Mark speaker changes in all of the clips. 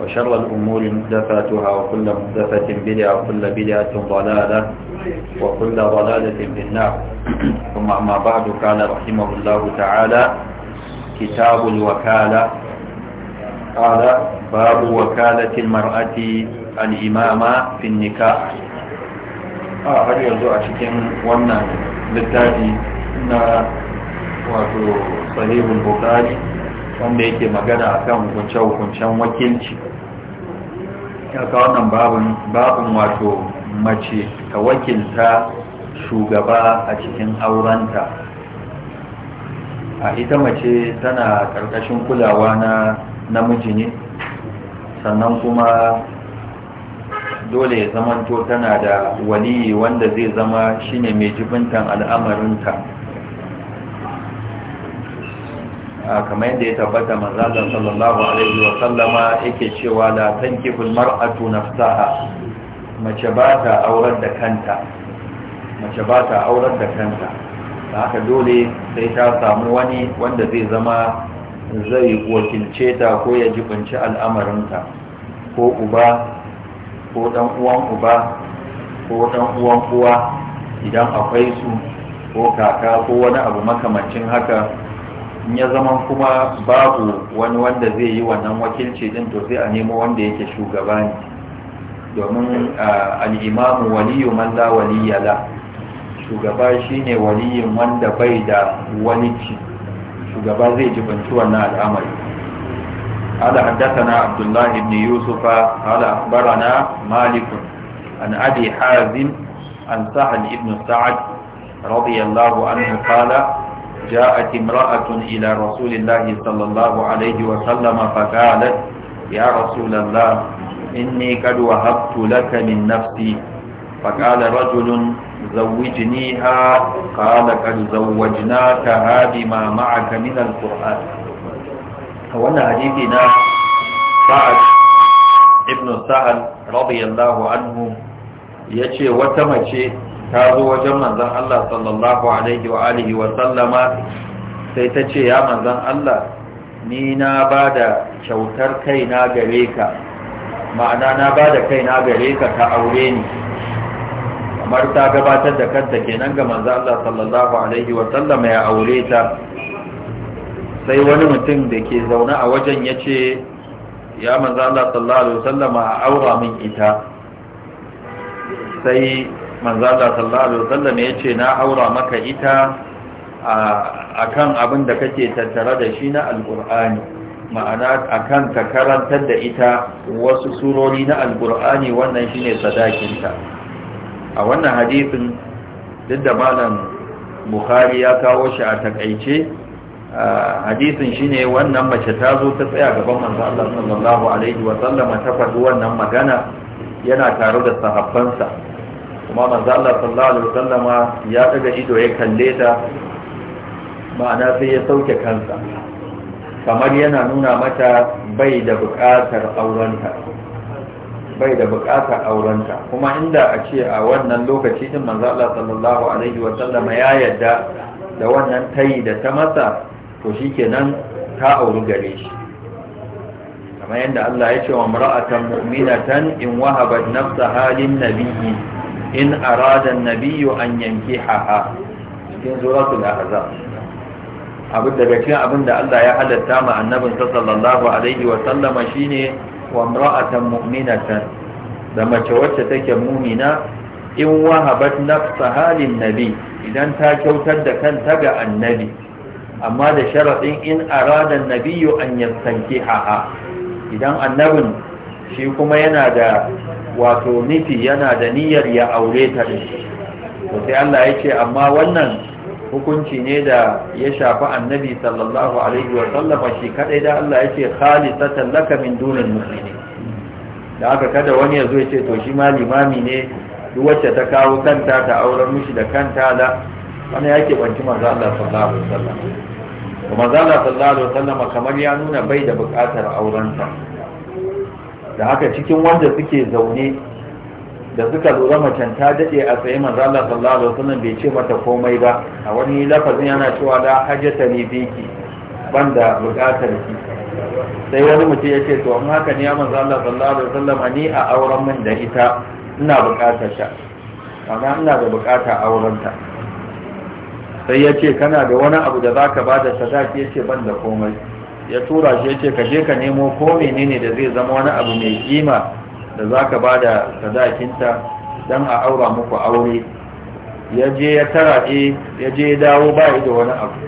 Speaker 1: وشر الأمور مهدفاتها وكل مهدفة بدعة وكل بدعة ضلالة وكل ضلالة في النار ثم أما بعد قال رحمه الله تعالى كتاب الوكالة قال باب وكالة المرأة الإمامة في النكاح هل يرجو أشكين ونا بالتالي wato sahihul bukari wanda yake magana akan hukunce-hukuncen wakilci taimaka wannan babin wato mace ta wakilta shugaba a cikin aurenta a ita mace tana ƙarƙashin kulawa na namiji ne sannan kuma dole ya zamanto tana da waliyi wanda zai zama shine mai jibintan al'amarinta kamar yadda ya tabbata manzala sallallahu alaihi wa sallama yake cewa la tankihul mar'atu nafsaha mace ba ta aurar da kanta mace ba ta aurar da kanta da haka dole sai ta samu wani wanda zai zama zai wakilce ta ko ya jibinci al'amarinta ko uba ko dan uwan uba ko dan uwan uwa idan akwai su ko kaka ko wani abu makamancin haka ya zama kuma babu wani wanda zai yi wannan wakilci din to sai a nemo wanda yake shugaba ne domin al'imamu waliyu man la waliya shugaba shine waliyin wanda bai da walici shugaba zai jibanci wannan al'amari قال حدثنا عبد Yusufa. بن يوسف قال أخبرنا An عن أبي an عن سهل بن سعد رضي الله جاءت امرأة إلى رسول الله صلى الله عليه وسلم فقالت يا رسول الله إني قد وهبت لك من نفسي فقال رجل زوجنيها قال قد زوجناكها بما معك من القرآن وانا حديثنا سعد ابن سهل رضي الله عنه ya ce wata mace ta zo wajen manzan Allah sallallahu alaihi wa alihi wa sallama sai ta ce ya manzan Allah ni na ba da kyautar kaina gare ka ma'ana na ba da kaina gare ka ta aure ni kamar ta gabatar da kanta kenan ga manzan Allah sallallahu alaihi wa sallama ya aure ta sai wani mutum da ke zaune a wajen ya ce ya manzan Allah sallallahu alaihi wa sallama a aura min ita sai manzala sallallahu alaihi wasallam ya ce na aura maka ita akan abin da kake tattare da shi na alkur'ani ma'ana akan ka karantar da ita wasu surori na alkur'ani wannan shine sadakinta a wannan hadisin duk da malam bukhari ya kawo shi a takaice hadisin shine wannan mace ta zo ta tsaya gaban manzo Allah sallallahu alaihi wasallam ta faɗi wannan magana yana tare da sahabbansa kuma manzo Allah sallallahu alaihi ya daga ido ya kalle ta ma'ana sai ya sauke kansa kamar yana nuna mata bai da buƙatar aurenta bai da buƙatar aurenta kuma inda a ce a wannan lokaci din manzo Allah sallallahu alaihi ya yadda da wannan tayi da ta masa to shikenan ta auri gare shi kamar yadda Allah ya ce wa mar'atan mu'minatan in wahabat nafsaha lin nabiyyi in arada nabiyu an yanki haha cikin suratul ahzab abu daga cikin abin da Allah ya halatta ma annabin sallallahu alaihi wa sallama shine wa imra'atan mu'minatan da mace wacce take mu'mina in wahabat nafsaha lin nabi idan ta kyautar da kanta ga annabi amma da sharaɗin in aradan nabiyu an yansanki haha idan annabin shi kuma yana da wato nufi yana da niyyar ya aure ta ne to sai Allah ya ce amma wannan hukunci ne da ya shafi annabi sallallahu alaihi wa sallama shi kadai da Allah ya ce khalisatan laka min dunil muslimin da aka kada wani ya zo ya ce to shi ma limami ne duk wacce ta kawo kanta ta auren mishi da kanta da wani yake banci manzo Allah sallallahu alaihi wa sallam kuma manzo Allah sallallahu alaihi wa sallama kamar ya nuna bai da buƙatar aurenta. ta da haka cikin wanda suke zaune da suka lura macen ta daɗe a tsaye manzo Allah sallallahu alaihi wasallam bai ce mata komai ba a wani lafazin yana cewa la hajjata li biki banda buƙatar ki sai wani mutum ya ce to amma haka ne manzo Allah sallallahu alaihi wasallam ni a auren min da ita ina buƙatar ta amma ina da bukata auren ta sai ya ce kana da wani abu da zaka bada sadaki ya ce ban da komai ya tura shi yace ka je ka nemo ko menene da zai zama wani abu mai kima da zaka bada sadakinta dan a aura muku aure ya je ya eh, ya dawo ba ido wani abu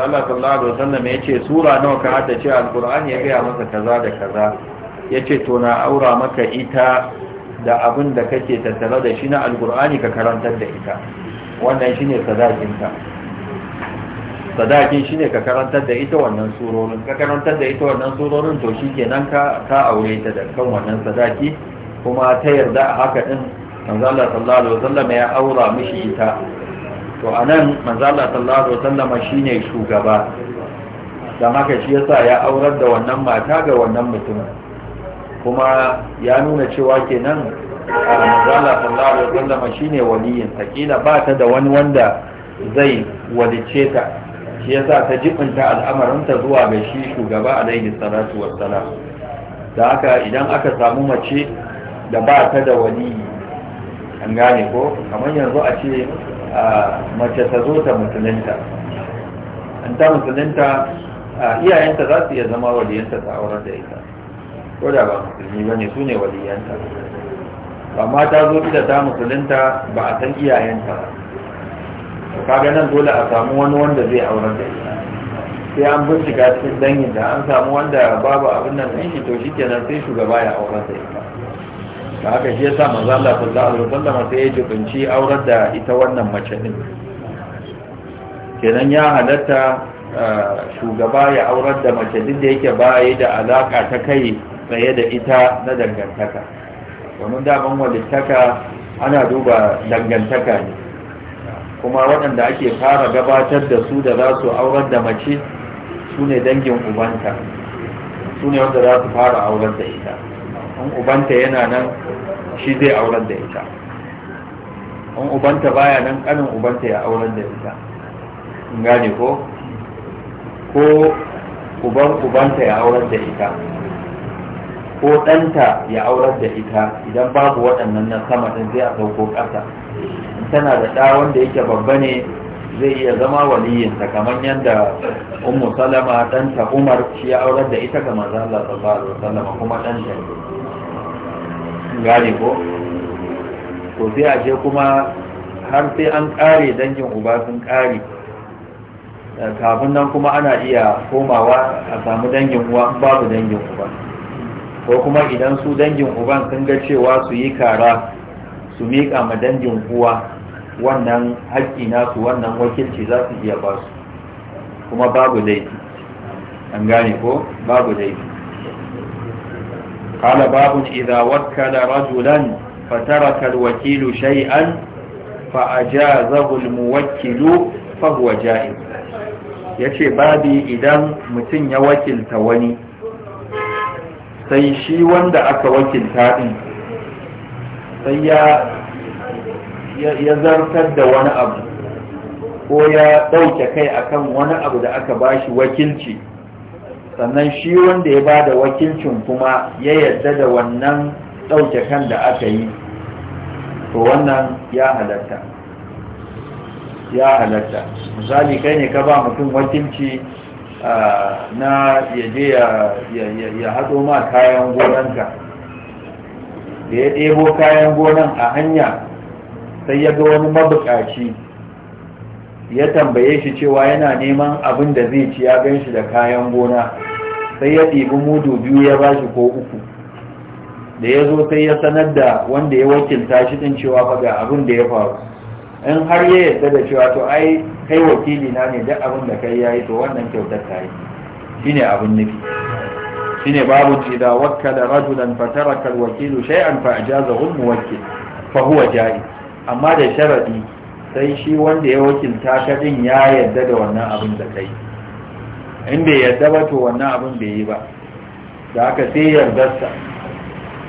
Speaker 1: Allah sallallahu alaihi wasallam ya sura nawa ka hada ce alqur'ani ya gaya maka kaza da kaza yace ce to na aura maka ita da abin da kake tattare da shi na alqur'ani ka karantar da ita wannan shine sadakinta sadakin shine ka karantar da ita wannan surorin ka karantar da ita wannan surorin to shikenan ka ka aure ta da kan wannan sadaki kuma ta yarda a haka din manzo Allah sallallahu alaihi wasallam ya aura mishi ita to anan manzo Allah sallallahu alaihi wasallam shine shugaba dan haka shi yasa ya aurar da wannan mata ga wannan mutumin kuma ya nuna cewa kenan manzo Allah sallallahu alaihi wasallam shine waliyin sakila ba ta da wani wanda zai walice ta shi yasa ta jibinta al'amarinta zuwa ga shi shugaba alaihi salatu wassalam da haka idan aka samu mace da ba ta da wani an gane ko kamar yanzu a ce mace ta zo ta musulunta an ta musulunta iyayenta za su iya zama waliyanta ta aurar da ita ko da ba musulmi ba ne su ne waliyanta amma ta zo ita ta musulunta ba a san iyayenta ba kaga nan dole a samu wani wanda zai auren da sai an bincika cikin dangin da an samu wanda babu abin nan ɗin shi to shi sai shugaba ya auren da ita da haka shi yasa manzo Allah sallallahu alaihi wasallam sai ya binci auren da ita wannan mace din kenan ya halatta shugaba ya aurar da mace duk da yake ba yi da alaka ta kai tsaye da ita na dangantaka domin daman walittaka ana duba dangantaka ne kuma waɗanda ake fara gabatar da su da za su aurar da mace su ne dangin ubanta su ne wanda za su fara aurar da ita in ubanta yana nan shi zai aurar da ita in ubanta baya nan kanin ubanta ya aurar da ita in gane ko ko uban ubanta ya aurar da ita ko ɗanta ya aurar da ita idan babu waɗannan na sama ɗin zai a sauko ƙasa tana da ɗa wanda yake babba ne zai iya zama waliyinta kamar yadda ummu salama ɗanta umar shi ya aurar da ita ga manzo Allah sallallahu alaihi wasallam kuma ɗanta ne gane ko ko sai a je kuma har sai an ƙare dangin uba sun ƙare kafin nan kuma ana iya komawa a samu dangin uwa babu dangin uba ko kuma idan su dangin uban sun ga cewa su yi kara su miƙa ma dangin uwa wannan haƙƙi nasu wannan wakilci za su iya ba su kuma babu laifi an gane ko babu laifi
Speaker 2: kala قال باب
Speaker 1: إذا وكل رجلا فترك الوكيل شيئا فأجازه الموكل فهو جائز yace babi idan mutum ya wakilta wani sai shi wanda aka wakilta din sai ya ya zartar da wani abu ko ya ɗauke kai akan wani abu da aka ba shi wakilci sannan shi wanda ya ba da wakilcin kuma ya yarda da wannan ɗauke kan da aka yi to wannan ya halatta ya halatta misali kai ne ka ba mutum wakilci na yaje ya haɗo ma kayan gonanka da ya ɗebo kayan gonan a hanya sai ya ga wani mabukaci ya tambaye shi cewa yana neman abin da zai ci ya gan shi da kayan gona sai ya ɗibi mudu biyu ya ba shi ko uku da ya zo sai ya sanar da wanda ya wakilta shi ɗin cewa ba ga abin da ya faru in har ya yarda da cewa to ai kai wakili na ne duk abin da kai yayi to wannan kyautar ta yi shine abin nufi shine babu idza wakkala rajulan fataraka alwakilu shay'an fa ajazahu almuwakkil fa huwa jaiz amma da sharaɗi, sai shi wanda ya wakilta ka din ya yarda da wannan abin da kai in bai yarda ba to wannan abin bai yi ba da aka sai yardarsa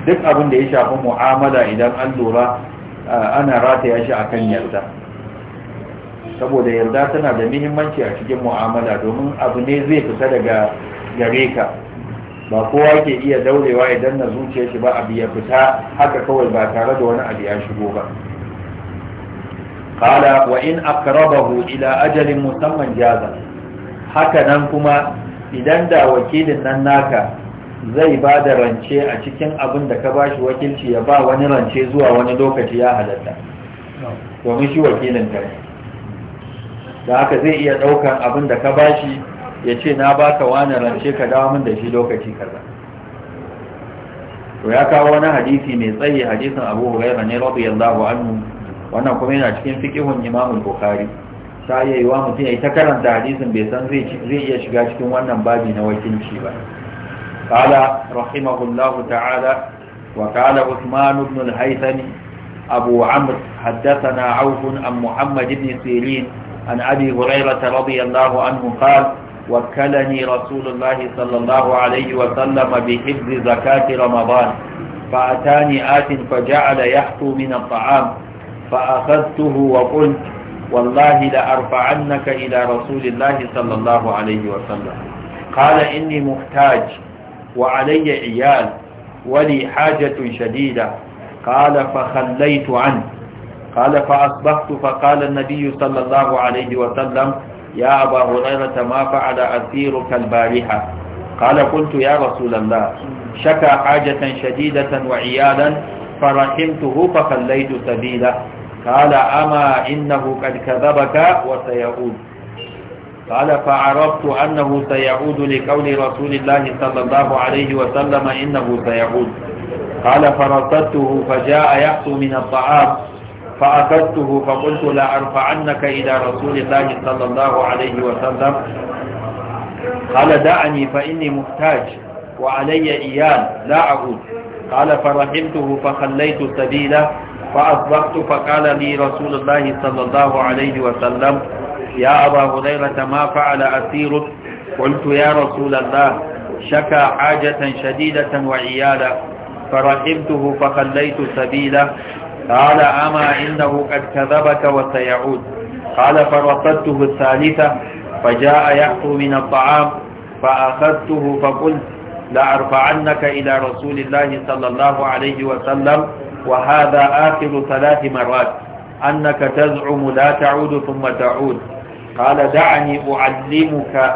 Speaker 1: duk abin da ya shafi mu'amala idan an lura ana rataya shi akan yarda saboda yarda tana da muhimmanci a cikin mu'amala domin abu ne zai fita daga gare ka ba kowa ke iya daurewa idan na zuciya shi ba abu ya fita haka kawai ba tare da wani abu ya shigo ba Kala wa in raba ila ajalin musamman jaza haka nan kuma idan da wakilin nan naka zai ba da rance a cikin abin da ka bashi wakilci ya ba wani rance zuwa wani lokaci ya halatta domin shi wakilin ka da haka zai iya daukan abin da ka bashi ya ce na baka wani rance ka dawo min da shi lokaci kaza ya kawo wani hadisi mai tsayi hadisin Abu Hurairah ne radiyallahu anhu wannan kuma yana cikin fikihun Imam Bukhari sai yayi wa mutum ya karanta hadisin bai san zai iya shiga cikin wannan babi na wakilci ba qala rahimahullahu ta'ala wa qala Uthman ibn al-Haythami Abu Amr haddathana Auf an Muhammad ibn Sirin an Abi Hurairah radiyallahu anhu qala وكلني رسول الله صلى الله عليه وسلم بحفظ زكاة رمضان فأتاني آت فجعل يحطو من الطعام فأخذته وقلت والله لأرفعنك إلى رسول الله صلى الله عليه وسلم قال إني محتاج وعلي عيال ولي حاجة شديدة قال فخليت عنه قال فأصبحت فقال النبي صلى الله عليه وسلم يا أبا هريرة ما فعل أسيرك البارحة قال قلت يا رسول الله شكى حاجة شديدة وعيالا فرحمته فخليت سبيله قال أما إنه قد كذبك وسيعود قال فعرفت أنه سيعود لقول رسول الله صلى الله عليه وسلم إنه سيعود قال فرصدته فجاء يحصو من الطعام فأخذته فقلت لأرفعنك إلى رسول الله صلى الله عليه وسلم قال دعني فإني محتاج وعلي إياه لا أعود قال فرحمته فخليت سبيله فأصبحت فقال لي رسول الله صلى الله عليه وسلم يا أبا هريرة ما فعل أسيرك قلت يا رسول الله شكى حاجة شديدة وعيالا فرحمته فخليت سبيله قال أما إنه قد كذبك وسيعود قال فرصدته الثالثة فجاء يحطو من الطعام فأخذته فقلت لأرفعنك إلى رسول الله صلى الله عليه وسلم وهذا آخر ثلاث مرات أنك تزعم لا تعود ثم تعود قال دعني أعلمك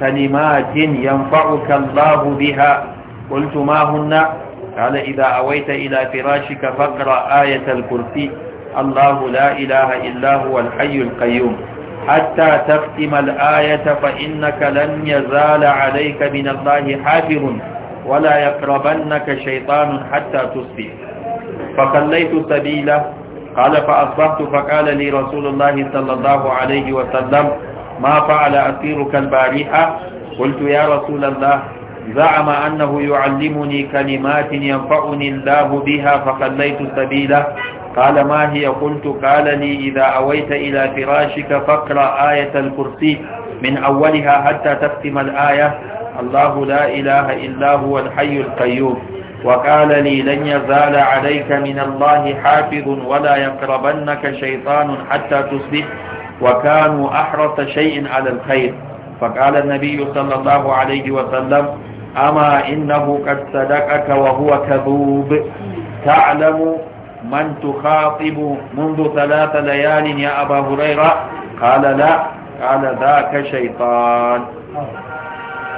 Speaker 1: كلمات ينفعك الله بها قلت ما هن قال إذا أويت إلى فراشك فاقرأ آية الكرسي الله لا إله إلا هو الحي القيوم حتى تختم الآية فإنك لن يزال عليك من الله حافظ ولا يقربنك شيطان حتى تصبح فخليت سبيله قال فأصبحت فقال لي رسول الله صلى الله عليه وسلم ما فعل أسيرك البارحة قلت يا رسول الله زعم أنه يعلمني كلمات ينفعني الله بها فخليت سبيله قال ما هي قلت قال لي إذا أويت إلى فراشك فاقرأ آية الكرسي من أولها حتى تختم الآية الله لا إله إلا هو الحي القيوم وقال لي لن يزال عليك من الله حافظ ولا يقربنك شيطان حتى تصبح وكانوا أحرص شيء على الخير فقال النبي صلى الله عليه وسلم أما إنه قد صدقك وهو كذوب تعلم من تخاطب منذ ثلاث ليال يا أبا هريرة قال لا قال ذاك شيطان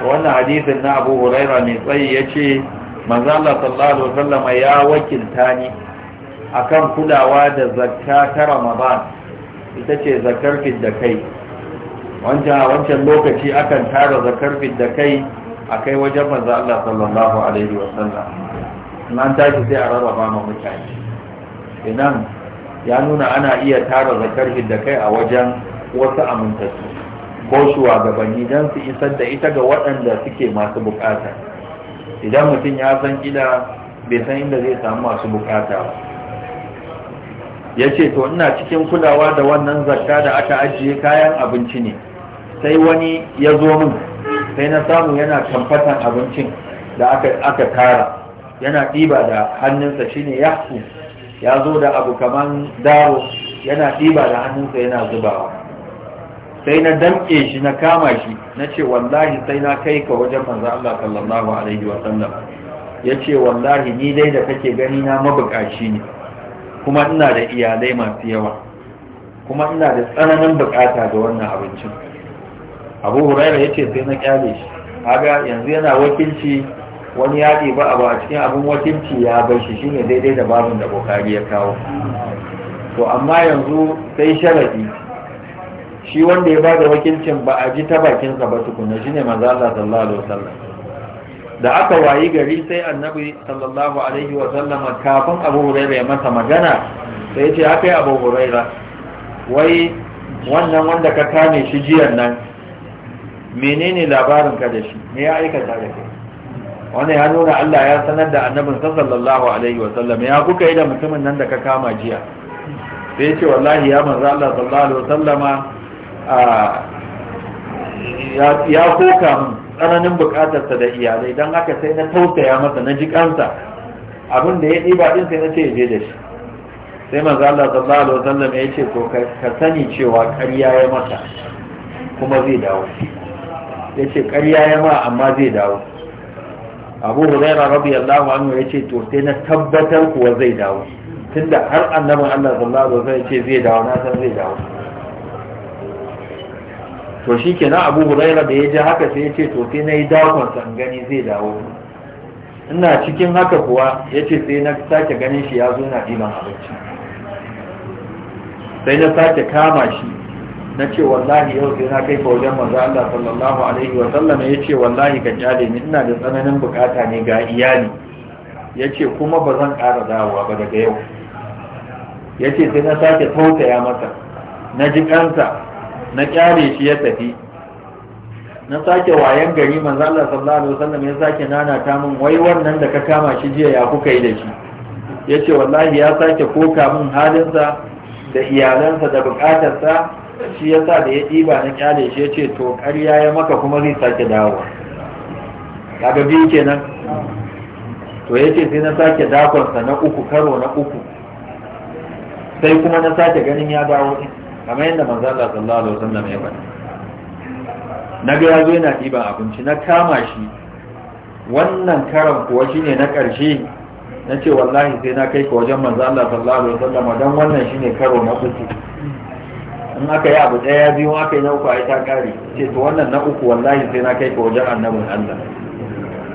Speaker 1: وأن حديث أبو هريرة نصي manzo Allah sallallahu alaihi wasallam ya wakilta ni akan kulawa da zakka ta Ramadan ita ce zakar da kai wancan lokaci akan tara zakar da kai akai wajen manzo Allah sallallahu alaihi wasallam nan tashi sai a rarraba ma mutane idan ya nuna ana iya tara zakar da kai a wajen wasu amintattu ko shugabanni don su isar da ita ga waɗanda suke masu bukata idan mutum ya san gida bai san inda zai samu masu bukata ba ya ce to ina cikin kulawa da wannan zakka da aka ajiye kayan abinci ne sai wani ya zo min sai na samu yana kamfatan abincin da aka tara yana ɗiba da hannunsa shine yaku ya zo da abu kaman daro yana ɗiba da hannunsa yana zubawa sai na damke shi na kama shi na ce wallahi sai na kai ka wajen manzan Allah sallallahu alaihi wa sallam ya ce wallahi ni dai da kake gani na mabukaci ne kuma ina da iyalai masu yawa kuma ina da tsananin bukata ga wannan abincin abu huraira ya ce sai na kyale shi haga yanzu yana wakilci wani yaƙi ba abu a cikin abin wakilci ya bar shi shine daidai da babin da bukari ya kawo to amma yanzu sai sharadi shi wanda ya bada wakilcin ba a ji ta bakinsa ba tukuna shine manzo Allah sallallahu alaihi wasallam da aka wayi gari sai annabi sallallahu alaihi wasallam kafin Abu Hurairah ya masa magana sai ya ce akai Abu Hurairah wai wannan wanda ka kame shi jiyan nan menene labarin ka da shi me ya aikata da kai wanda ya nuna Allah ya sanar da annabin sallallahu alaihi wasallam ya kuka yi da mutumin nan da ka kama jiya sai ya ce wallahi ya manzo Allah sallallahu alaihi wasallama ya koka mu tsananin bukatarsa da iyalai don haka sai na tausaya masa na kansa abin da ya ɗiba ɗin sai na ce je da shi sai manzo Allah sallallahu alaihi wasallam ya ce ko ka sani cewa ƙarya ya maka kuma zai dawo ya ce ƙarya ya ma amma zai dawo abu rabi allahu anhu ya ce to sai na tabbatar kuwa zai dawo tunda har annabin Allah sallallahu alaihi wasallam ya ce zai dawo na san zai dawo to shi kenan abu huraira da ya ji haka sai ya ce to sai na yi dakon san gani zai dawo ina cikin haka kuwa ya ce sai na sake ganin shi ya zo na ɗiban abinci sai na sake kama shi na ce wallahi yau sai na kai ka wajen manzo Allah sallallahu alaihi wa sallam ya ce wallahi ka jale ni ina da tsananin bukata ne ga iyali ya ce kuma ba zan ƙara dawowa ba daga yau ya ce sai na sake tautaya masa na ji kansa na kyale shi ya tafi na sake wayan gari manzo Allah sallallahu alaihi wasallam ya sake nana ta min wai wannan da ka kama shi jiya ya kuka yi da shi yace wallahi ya sake koka min halinsa da iyalansa da bukatarsa shi ya sa da ya diba na kyale shi yace to ƙarya ya maka kuma zai sake dawo kaga bi kenan to yace sai na sake dakonsa na uku karo na uku sai kuma na sake ganin ya dawo din kama yadda manzo Allah sallallahu alaihi wasallam ya faɗa na ga yazo yana ɗiban abinci na kama shi wannan karan kuwa shine na ƙarshe na ce wallahi sai na kai ka wajen manzo Allah sallallahu alaihi wasallam Don wannan shine karo na uku in aka yi abu ɗaya biyu aka yi na uku a yi ta ƙari ce to wannan na uku wallahi sai na kai ka wajen annabin Allah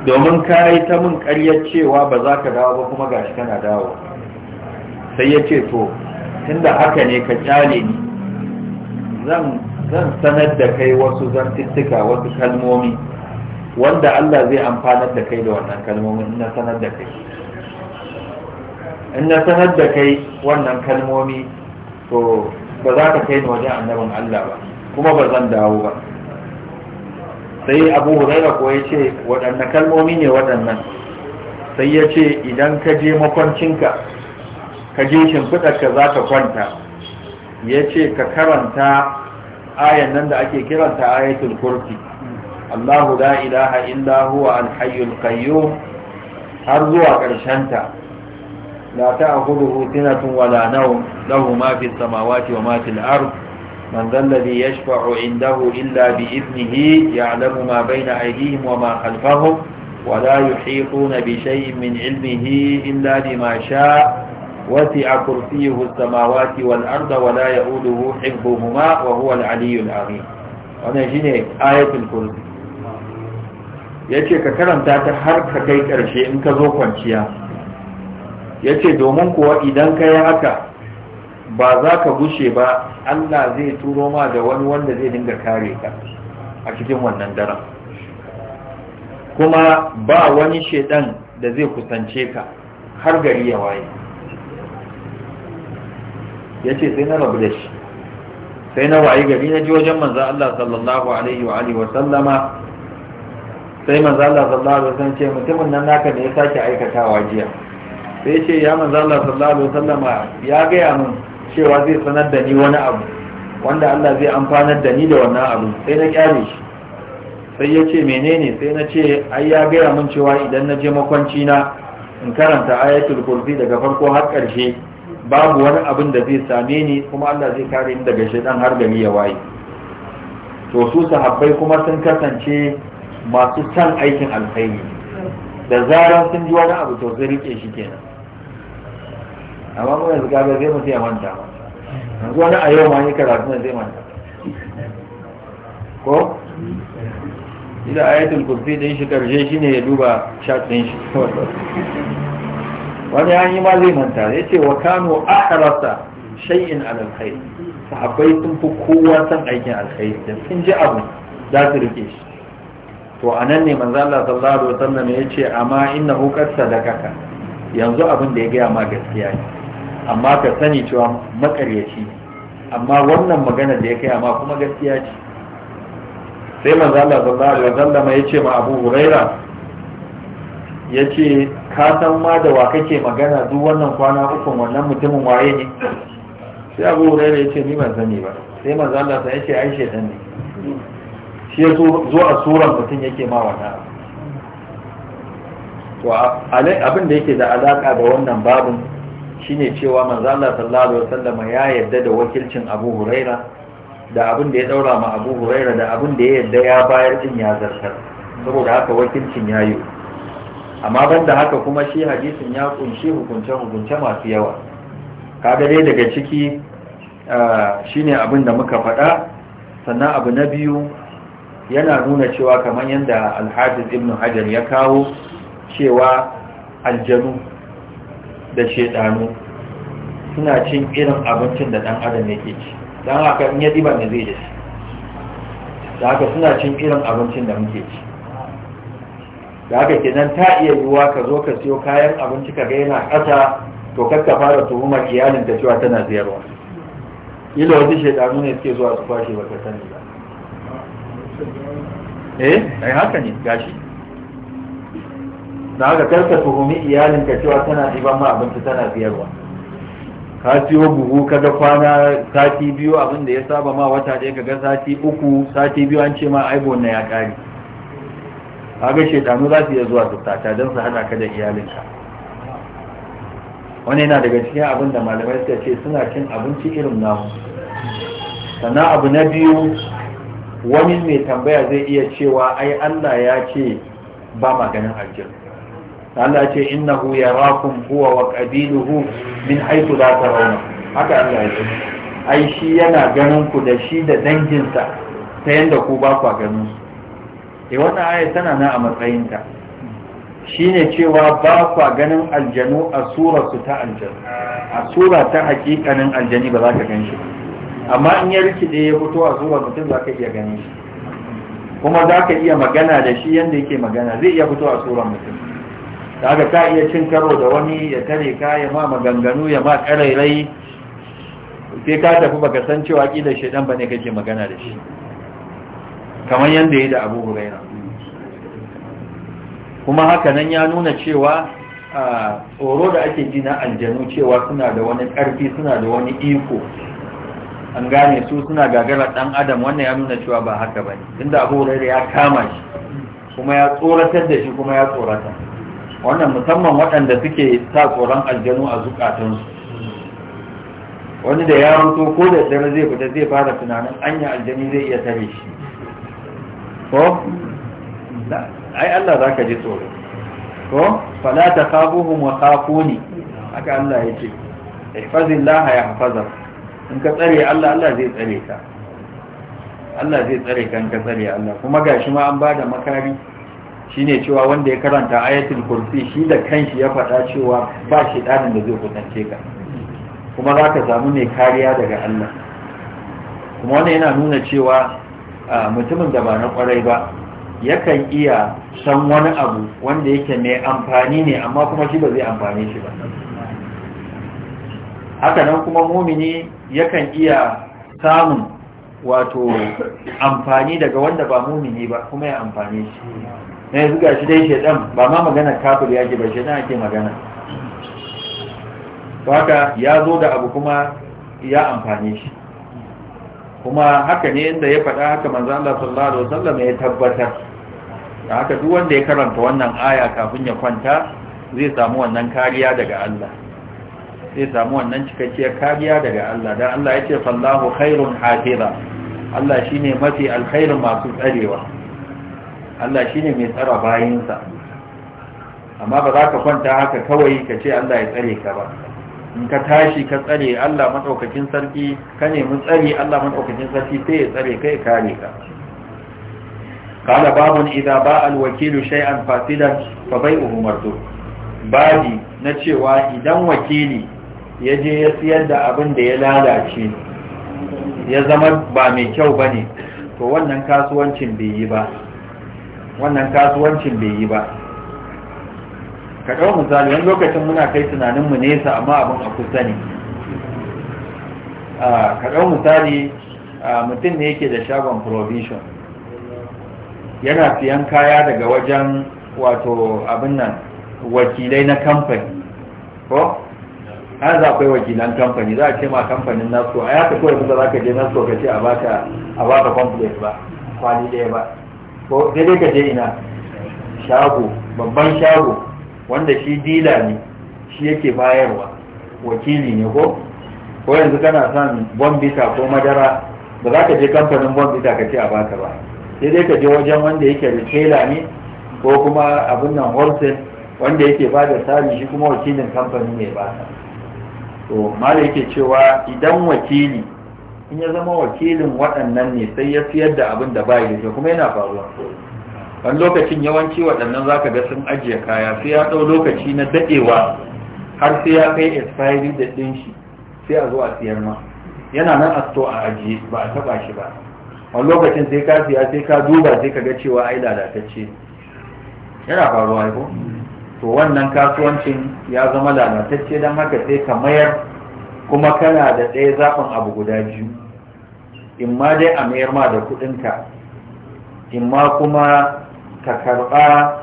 Speaker 1: domin ka yi ta min ƙaryar cewa ba za ka dawo ba kuma gashi kana dawo sai ya ce to tunda haka ne ka kyale ni zan sanar da kai wasu zantuttuka wasu kalmomi wanda Allah zai amfanar da kai da wannan kalmomin ina sanar da kai in na sanar da kai wannan kalmomi to ba za ka kai ni wajen annabin Allah ba kuma ba zan dawo ba sai abu huraira ko ya ce waɗanne kalmomi ne waɗannan sai ya ce idan ka je makwancinka ka je shimfiɗarka za ka kwanta ya ce ka karanta ayan nan da ake kiranta ayatul kursi Allahu la ilaha illa huwa al qayyum har zuwa karshenta la ta'khudhuhu sinatun wala nawm lahu ma fi samawati wa ma fil ard man dhal ladhi yashfa'u indahu illa bi idnihi ya'lamu ma bayna aydihim wa ma khalfahum wa la yuhituna bi shay'in min 'ilmihi illa bima sha'a وسع كرسيه السماوات والأرض ولا يؤوده حفظهما وهو العلي العظيم wannan shine ayatul kursi yace ka karanta ta har ka kai ƙarshe in ka zo kwanciya yace domin kuwa idan ka yi haka ba za ka gushe ba Allah zai turo ma da wani wanda zai dinga kare ka a cikin wannan daren kuma ba wani shedan da zai kusance ka har gari ya waye ya ce sai na rabu da shi sai na wayi gari na ji wajen manzan Allah sallallahu alaihi wa alihi wa sallama sai manzan Allah sallallahu alaihi wa ce mutumin nan naka ne ya sake aikatawa jiya sai ce ya manzan Allah sallallahu alaihi wa sallama ya gaya min cewa zai sanar da ni wani abu wanda Allah zai amfanar da ni da wannan abu sai na kyale shi sai ya ce menene sai na ce ai ya gaya min cewa idan na je makwanci na in karanta ayatul kursi daga farko har ƙarshe babu wani abin da zai same ni kuma Allah zai kare ni daga shaidan har gari ya waye to su sahabbai kuma sun kasance masu san aikin alkhairi da zaran sun ji wani abu to sai rike shi kenan amma mu yanzu kaga zai mutu ya manta yanzu wani a yau ma ni karatu ne zai manta ko ila ayatul kursi din shi karshe shine ya duba chat din shi wani an yi ma zai manta ya ce wa kano a harasa shay'in alalkai sahabbai sun fi kowa san aikin alkai da sun ji abu za su rike shi to a nan ne manzan Allah sallallahu alaihi ya ce amma innahu da kaka, yanzu abin da ya gaya ma gaskiya ne amma ka sani cewa makaryaci amma wannan magana da ya kai amma kuma gaskiya ce sai manzan Allah sallallahu alaihi ya ce ma Abu hurairah ya ce ka san ma da wa kake magana duk wannan kwana ukun wannan mutumin waye ne sai abu huraira ya ce ni ban sani ba sai manzo Allah sai ya ce ai shedan ne shi ya zo a suran mutum yake ma wannan to abin da yake da alaka da wannan babin shine cewa manzo Allah sallallahu alaihi wasallam ya yarda da wakilcin Abu Huraira da abin da ya daura ma Abu Huraira da abin da ya yarda ya bayar din ya zartar saboda haka wakilcin ya yi. amma banda haka kuma shi hadisin ya kunshi hukunce-hukunce masu yawa kaga dai daga ciki shine abin da muka faɗa sannan abu na biyu yana nuna cewa kamar yadda alhajiz ibn hajar ya kawo cewa aljanu da shedanu suna cin irin abincin da ɗan adam yake ci don haka in ya ba ne zai da shi da haka suna cin irin abincin da muke ci da haka kenan ta iya yiwuwa ka zo ka siyo kayan abinci ka ga yana ƙasa to kakka fara tuhumar iyalin ta cewa tana ziyarwa ila wasu shaidanu ne suke zuwa su kwashe ba ka sani ba eh ai haka ne gashi da haka karka tuhumi iyalin ka cewa tana ɗiban ma abinci tana ziyarwa ka siyo buhu kaga kwana sati biyu abin da ya saba ma wata ɗaya kaga sati uku sati biyu an ce ma aibon na ya ƙare kaga shaidanu za su iya zuwa su tata don su hana ka da iyalinka wani yana daga cikin abin da malamai suka ce suna cin abinci irin namu sannan abu na biyu wani mai tambaya zai iya cewa ai allah ya ce ba maganin aljin allah ce ya rakun huwa wa ƙabiluhu min za ta rauna,' haka allah ya ce ai shi yana ganin ku da shi da danginsa ta yanda ku ba ku ganin su e wannan ayar tana na a matsayinta shine cewa ba kwa ganin aljanu a surarsu ta aljanu a sura ta hakikanin aljani ba za ka gan shi amma in ya rikide ya fito a surar mutum za ka iya ganin shi kuma za ka iya magana da shi yadda yake magana zai iya fito a sura mutum daga ka iya cin karo da wani ya tare ka ya ma maganganu ya ma karairai sai ka tafi baka san cewa ƙila shaidan ba ne kake magana da shi kamar yadda ya da abu huraira kuma haka nan ya nuna cewa tsoro da ake ji na aljanu cewa suna da wani ƙarfi suna da wani iko an gane su suna gagara ɗan adam wannan ya nuna cewa ba haka ba ne inda abu huraira ya kama shi kuma ya tsoratar da shi kuma ya tsorata wannan musamman waɗanda suke sa tsoron aljanu a zukatansu wani da ya ko da dare zai fita zai fara tunanin anya aljani zai iya tare shi ko ai Allah za ka ji tsoro ko fala ta kafuhun wa kafuni haka Allah ya ce haifazin laha ya hafazar in ka tsare Allah Allah zai tsare ka Allah zai tsare ka in ka tsare Allah kuma ga shi ma an ba da makari shi ne cewa wanda ya karanta ayatul kursi shi da kanshi ya faɗa cewa ba shi ɗanin da zai kusance ka kuma za ka samu mai kariya daga Allah kuma wannan yana nuna cewa mutumin da ba na kwarai ba yakan iya san wani abu wanda yake mai amfani ne amma kuma shi ba zai amfani shi ba haka nan kuma mumini yakan iya samun wato amfani daga wanda ba mumini ba kuma ya amfani shi na yanzu ga shi dai shaidan ba ma magana kafir yake ba shaidan ake magana ka ya zo da abu kuma ya amfani shi kuma haka ne inda ya faɗa haka manzo Allah sallallahu alaihi wasallam ya tabbatar da haka duk wanda ya karanta wannan aya kafin ya kwanta zai samu wannan kariya daga Allah zai samu wannan cikakkiyar kariya daga Allah dan Allah yake sallahu khairun hafiza Allah shine mafi alkhairin masu tsarewa Allah shine mai tsara bayinsa amma ba za ka kwanta haka kawai ka ce Allah ya tsare ka ba in ka tashi ka tsare Allah matsaukakin sarki ka nemi tsari Allah matsaukakin sarki sai ya tsare kai kare ka قال idan ba alwakilu shay'an شيئا fa bai'uhu مردود babi na cewa idan wakili ya je ya siyar da abin da ya lalace ya zama ba mai kyau ba ne to wannan kasuwancin bai yi ba wannan kasuwancin bai yi ba ka ɗau misali wani lokacin muna kai tunaninmu nesa amma abin a kusa ne ah, ka ɗau misali ah, mutum ne yake da shagon provision yana siyan kaya daga wajen wato abin nan wakilai na kamfani ko an za akwai wakilan kamfani za a ce ma kamfanin nasu a ya tafi kusa za ka je nasu ka ce a ba ka baka complex ba kwali ɗaya ba ko dai ka je ina shago babban shago wanda shi dila ne shi yake bayarwa wakili ne ko ko yanzu kana son bombita ko madara ba za ka je kamfanin bombita ka ce a baka ba sai dai ka je wajen wanda yake retaila ne ko kuma abin nan wholesale wanda yake ba da sami shi kuma wakilin kamfanin mai ba to mala yake cewa idan wakili in ya zama wakilin waɗannan ne sai ya siyar da abin da baya da kuma yana faruwa wani lokacin yawanci waɗannan za ka ga sun ajiye kaya sai ya ɗau lokaci na daɗewa har sai ya kai expiry da ɗin shi sai a zo a siyar ma yana nan a sto a ajiye ba a taɓa shi ba wani lokacin sai ka siya sai ka duba sai ka ga cewa ai lalatacce yana faruwa ko to wannan kasuwancin ya zama lalatacce don haka sai ka mayar kuma kana da ɗaya zaɓin abu guda biyu in ma dai a mayar ma da kuɗinka in ma kuma ka karɓa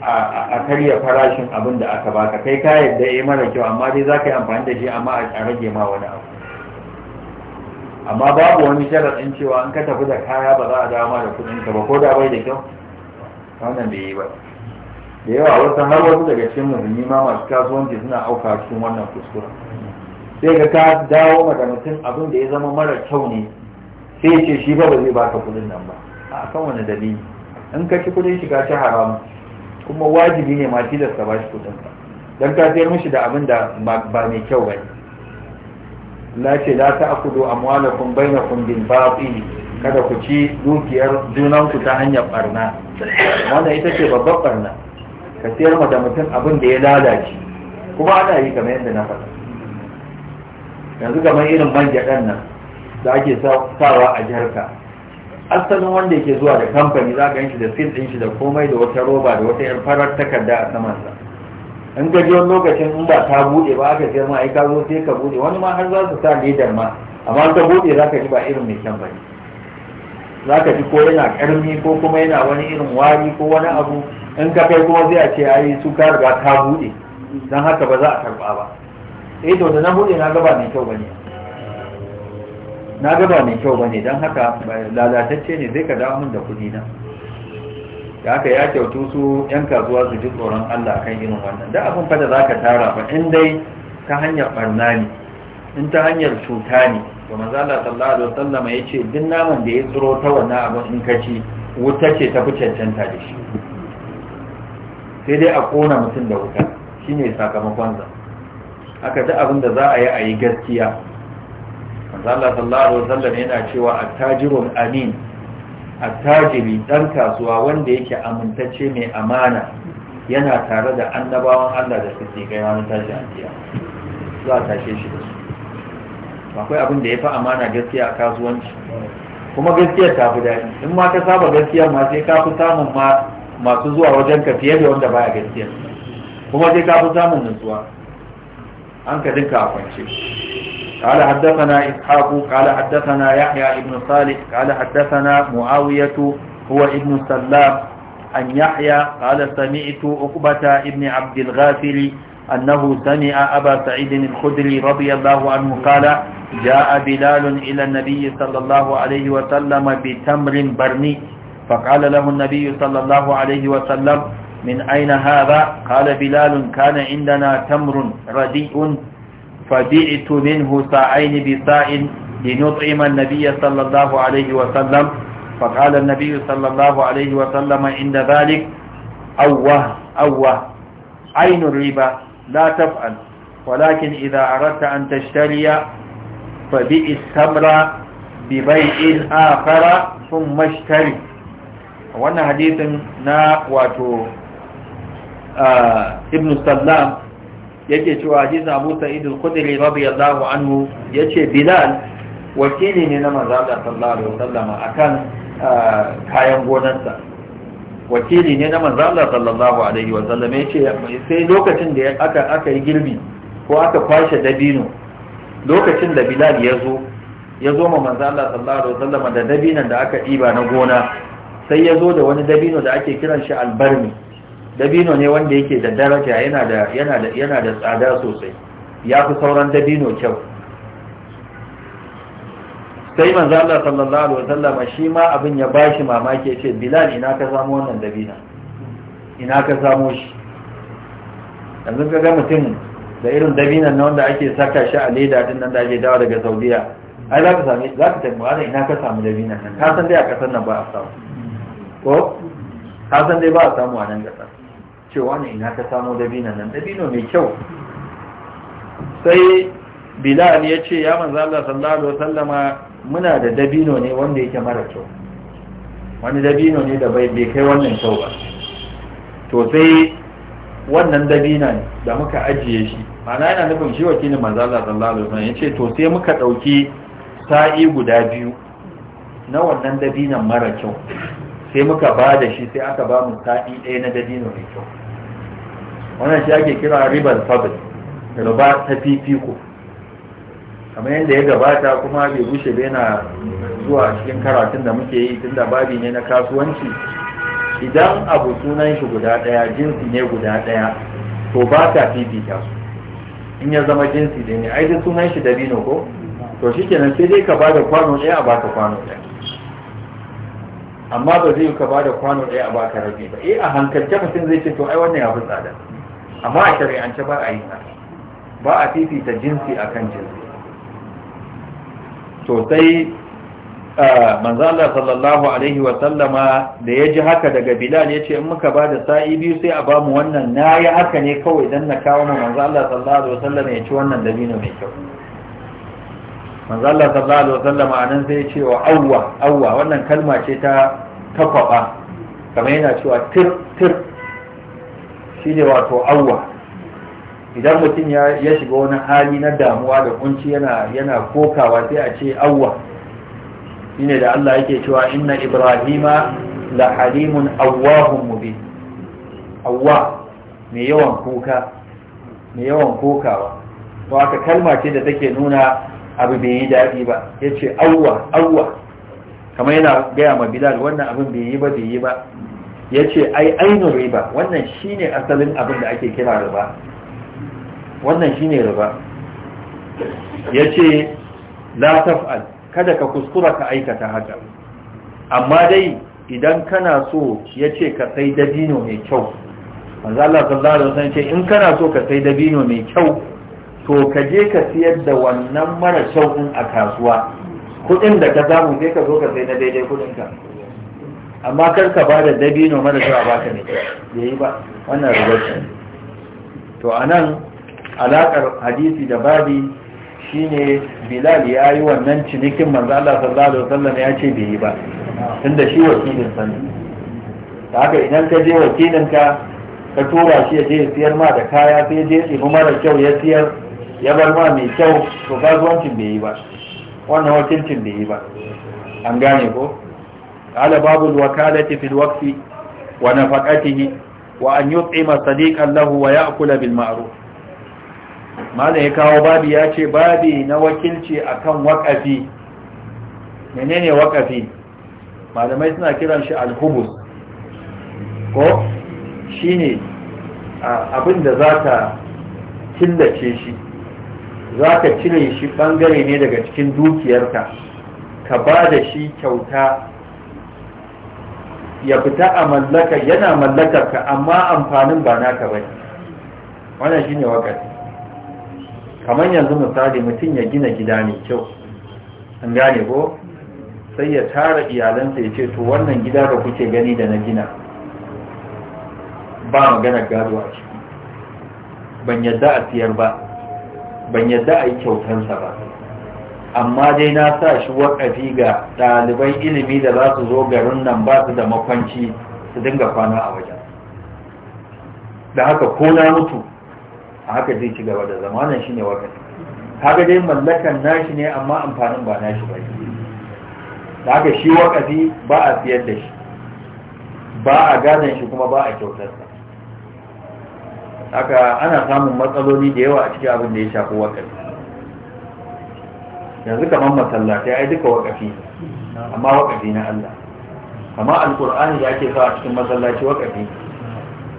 Speaker 1: a karya farashin abin da aka baka kai ka yadda ya eh, mara kyau amma dai za ka yi amfani da shi amma a rage ma wani abu amma babu wani sharaɗin cewa an ka tafi da kaya ba za a dama da kuɗinka ba ko da bai da kyau wannan bai yi ba da yawa wasu har wasu daga cikin musulmi ma masu kasuwanci suna auka cikin wannan kuskura sai ga ka dawo da mutum abin da ya zama mara kyau ne sai ce shi ba ba zai baka kuɗin nan ba a kan wani dalili in ka ci kudin shiga ka ci haramu kuma wajibi ne ma da ba bashi kudin ka dan ka sayar mishi da abin da ba mai kyau bane la ce la akudu amwalakum bainakum bil batil kada ku ci dukiyar ku ta hanyar barna wannan ita ce babbar barna ka sayar ma da mutum abin da ya lalace kuma ana yi kamar yadda na faɗa yanzu kamar irin man gyaɗan nan da ake sawa a jarka asalin wanda yake zuwa da kamfani za ka shi da sil din shi da komai da wata roba da wata yar farar takarda a saman sa. in ka wani lokacin in ba ta buɗe ba aka ce ma ai ka zo sai ka buɗe wani ma har za su sa ledar ma amma ka buɗe za ka ji ba irin mai kamfani za ka ji ko yana karmi ko kuma yana wani irin wari ko wani abu in ka kai kuma zai a ce ai su ka riga ta buɗe don haka ba za a karba ba eh to da na buɗe na gaba mai kyau ba ne na ga ba mai kyau ba ne, don haka lalatacce ne zai ka dawo min da kuɗi na da haka ya kyautu su yan kasuwa su ji tsoron Allah kan irin wannan da abin fa da ka tara ba, in dai ta hanyar barna ne in ta hanyar cuta ne ba manzo Allah sallallahu alaihi ya ce, duk naman da ya tsoro ta wannan abin in ka ci wuta ce ta fi cancanta da shi sai dai a kona mutum da wuta shine sakamakon za haka duk abin da za a yi a yi gaskiya Allah sallallahu alaihi wasallam yana cewa attajirun amin attajiri dan kasuwa wanda yake amintacce mai amana yana tare da annabawan Allah da suke kai ranar tashi a za a tashe shi da su akwai abin da ya fi amana gaskiya a kasuwanci kuma gaskiyar ta fi daɗi in ma ka saba gaskiya ma sai ka fi samun ma masu zuwa wajen ka fiye da wanda baya gaskiya kuma sai ka fi samun nutsuwa an ka dinka a kwance قال حدثنا إسحاق قال حدثنا يحيى بن صالح قال حدثنا معاوية هو ابن سلام عن يحيى قال سمعت عقبة بن عبد الغافل أنه سمع أبا سعيد الخدري رضي الله عنه قال جاء بلال إلى النبي صلى الله عليه وسلم بتمر برني فقال له النبي صلى الله عليه وسلم من أين هذا قال بلال كان عندنا تمر رديء فبئت منه ساعين بساء لنطعم النبي صلى الله عليه وسلم فقال النبي صلى الله عليه وسلم عند ذلك أوه أوه عين الربا لا تفعل ولكن إذا أردت أن تشتري فبئ الثمر ببيع آخر ثم اشتري وانا حديث نا واتو آه ابن السلام yake cewa hadisi Abu Sa'id al-Khudri radiyallahu anhu yace Bilal wakili ne na manzo Allah sallallahu alaihi wasallam akan ah, kayan gonarsa wakili ne na manzo Allah sallallahu alaihi wasallam yace sai lokacin da aka aka yi girbi ko aka kwashe dabino lokacin da Bilal ya zo ya zo ma manzo Allah sallallahu alaihi wasallam da dabinan da aka diba na gona sai ya zo da wani dabino da ake kiran shi albarmi dabino ne wanda yake da daraja yana da yana da yana da tsada sosai ya fi sauran dabino kyau sai manzo Allah sallallahu alaihi wasallam shi ma abin ya bashi mamaki yace Bilal ina ka samu wannan dabina ina ka samu shi yanzu ka ga mutum da irin dabinan na wanda ake saka shi a leda din nan da ake dawo daga Saudiya ai za ka same za ka tambaya ina ka samu dabinan nan ka san dai a kasar nan ba a samu ko ka san dai ba a samu a nan kasar cewa ne ina ka samo dabino nan dabino mai kyau sai bilal ya ce ya manzo Allah sallallahu alaihi wasallama muna da dabino ne wanda yake mara kyau wani dabino ne da bai kai wannan kyau ba to sai wannan dabinan da muka ajiye shi mana yana nufin shi wakilin manzo Allah sallallahu alaihi wasallam yace to sai muka dauki sa'i guda biyu na wannan dabinan mara kyau sai muka ba da shi sai aka ba mu sa'i ɗaya na dabino mai kyau wannan shi ake kira ribar da ba ta fifiko kamar yadda ya gabata kuma bai gushe bai na zuwa cikin karatun da muke yi tunda babi ne na kasuwanci idan abu sunan shi guda daya jinsi ne guda daya to ba ta fifita su in ya zama jinsi da ne aiki sunan shi dabino ko to shi kenan sai dai ka ba da kwano daya a baka kwano daya amma ba zai ka ba da kwano daya a baka rabi ba eh a hankalce mutum zai ce to ai wannan ya fi tsada amma a shari'ance ba a yi ba a fifita jinsi a kan jinsi sosai eh, manzala sallallahu alaihi wa sallama da ya ji haka daga bilal ya ce in muka ba da sa'i biyu sai a ba mu wannan na yi haka ne kawai don na kawo ma manzala sallallahu alaihi wa sallama ya ci wannan dabino mai kyau manzala sallallahu alaihi wa sallama a nan sai ya ce wa awwa awwa wannan kalma ce ta takwaba kamar yana cewa tir tir ne wato awwa idan mutum ya shiga wani hali na damuwa da kunci yana yana kokawa sai a ce awwa shine da Allah yake cewa inna ibrahima la halimun awwahun mubi awwa mai yawan kuka mai yawan kokawa to aka kalma ce da take nuna abu bai yi daɗi ba yace awwa awwa kamar yana gaya ma bilal wannan abin bai yi ba bai yi ba ya ce ai ainihin riba wannan shi ne asalin abin da ake kira riba wannan shi ne riba ya ce la taf'al kada ka kuskura ka aikata haka amma dai idan kana so ya ce ka sai dabino mai kyau manzo Allah ce in kana so ka sai dabino mai kyau to ka je ka siyar da wannan mara kyau din a kasuwa kudin da ka zamu sai ka zo ka sai na daidai kuɗinka. amma kar ka ba da dabino mara zuwa baka ne da yi ba wannan rubarci to a nan alaƙar hadisi da babi shine bilal ya yi wannan cinikin manzo Allah sallallahu alaihi wasallam ya ce bai yi ba tunda shi wakilin sa ne da haka idan ka je wakilin ka ka tura shi ya je siyar ma da kaya sai je tsibi mara kyau ya siyar ya bar ma mai kyau to kasuwancin bai yi ba wannan wakilcin bai yi ba an gane ko قال باب الوكالة في الوقف ونفقته وأن يطعم صديقا له ويأكل بالمعروف ماذا يكاو بابي ياتي بابي نوكلتي أكم وقفي منين وقفي ماذا ما يسنى كيران شيء الخبز ko shi ne abinda za ka killace shi za ka cire shi ɓangare ne daga cikin dukiyarka ka ba da shi kyauta ya fita a mallaka yana mallakar ka amma amfanin ba naka bai wannan shine wakati kamar yanzu misali mutum ya gina gida mai kyau an gane ko sai ya tara iyalansa ya ce to wannan gida da kuke gani da na gina ba magana gado a ciki ban yadda a siyar ba ban yadda a yi kyautansa ba amma dai na sa shi wakafi ga ɗaliban ilimi da za su zo garin nan ba su da makwanci su dinga kwana a wajen da haka ko na mutu a haka zai ci gaba da zamanin shine wakafi haka dai mallakan nashi ne amma amfanin ba nashi ba da haka shi wakafi ba a siyar da shi ba a gadon shi kuma ba a kyautar sa. haka ana samun matsaloli da yawa a cikin abin da ya shafi wakafi yanzu kamar masallatai ai duka wakafi amma wakafi na Allah amma alkur'ani da ake sa a cikin masallaci wakafi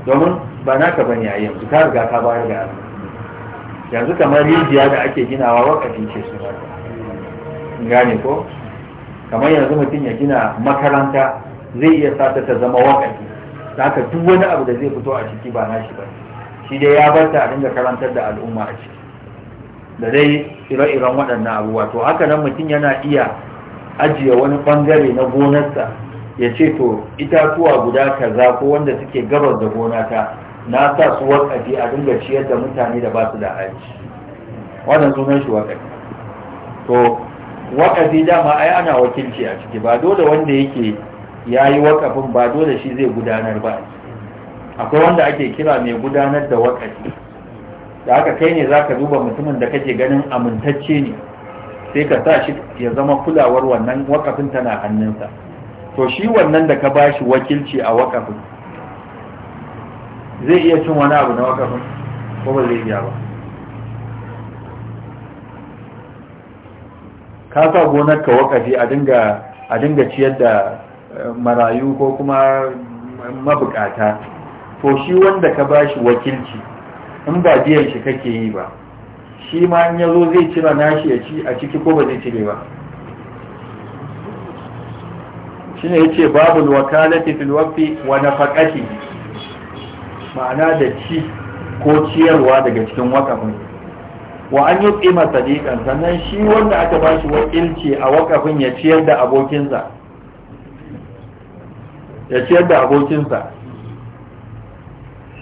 Speaker 1: domin ba naka bane a yanzu ka riga ka bayar da Allah yanzu kamar rijiya da ake ginawa wakafi ce su gane ko kamar yanzu mutum ya gina makaranta zai iya sata ta zama wakafi haka duk wani abu da zai fito a ciki ba nashi ba shi dai ya bar ta a dinga karantar da al'umma a ciki da dai ire-iren waɗannan abubuwa to haka nan mutum yana iya ajiye wani ɓangare na gonarsa ya ce to itatuwa guda kaza ko wanda suke gabar da gonata na sa su wakafi a dinga ciyar da mutane da ba su da aiki wannan sunan shi wakati. to waƙafi dama ai ana wakilci a ciki ba dole wanda yake ya yi wakafin ba dole shi zai gudanar ba akwai wanda ake kira mai gudanar da waƙafi da haka kai ne za ka duba mutumin da kake ganin amintacce ne sai ka sa shi ya zama kulawar wannan wakafin tana hannunsa to shi wannan da ka bashi wakilci a wakafin zai iya cin wani abu na wakafin ko ba zai iya ba ka sa gonar ka wakafi a dinga a dinga ciyar da eh, marayu ko kuma mabukata to shi wanda ka bashi wakilci in ba biyan shi kake yi ba shi ma in yazo zai cira nashi ya ci a ciki ko ba zai cire ba shine yace babu wakalati fil waqfi wa nafaqati ma'ana da ci ko ciyarwa daga cikin wakafin wa an yi tsima sadiqan sannan shi wanda aka ba shi wakilci a wakafin ya ciyar da abokinsa ya ciyar da abokinsa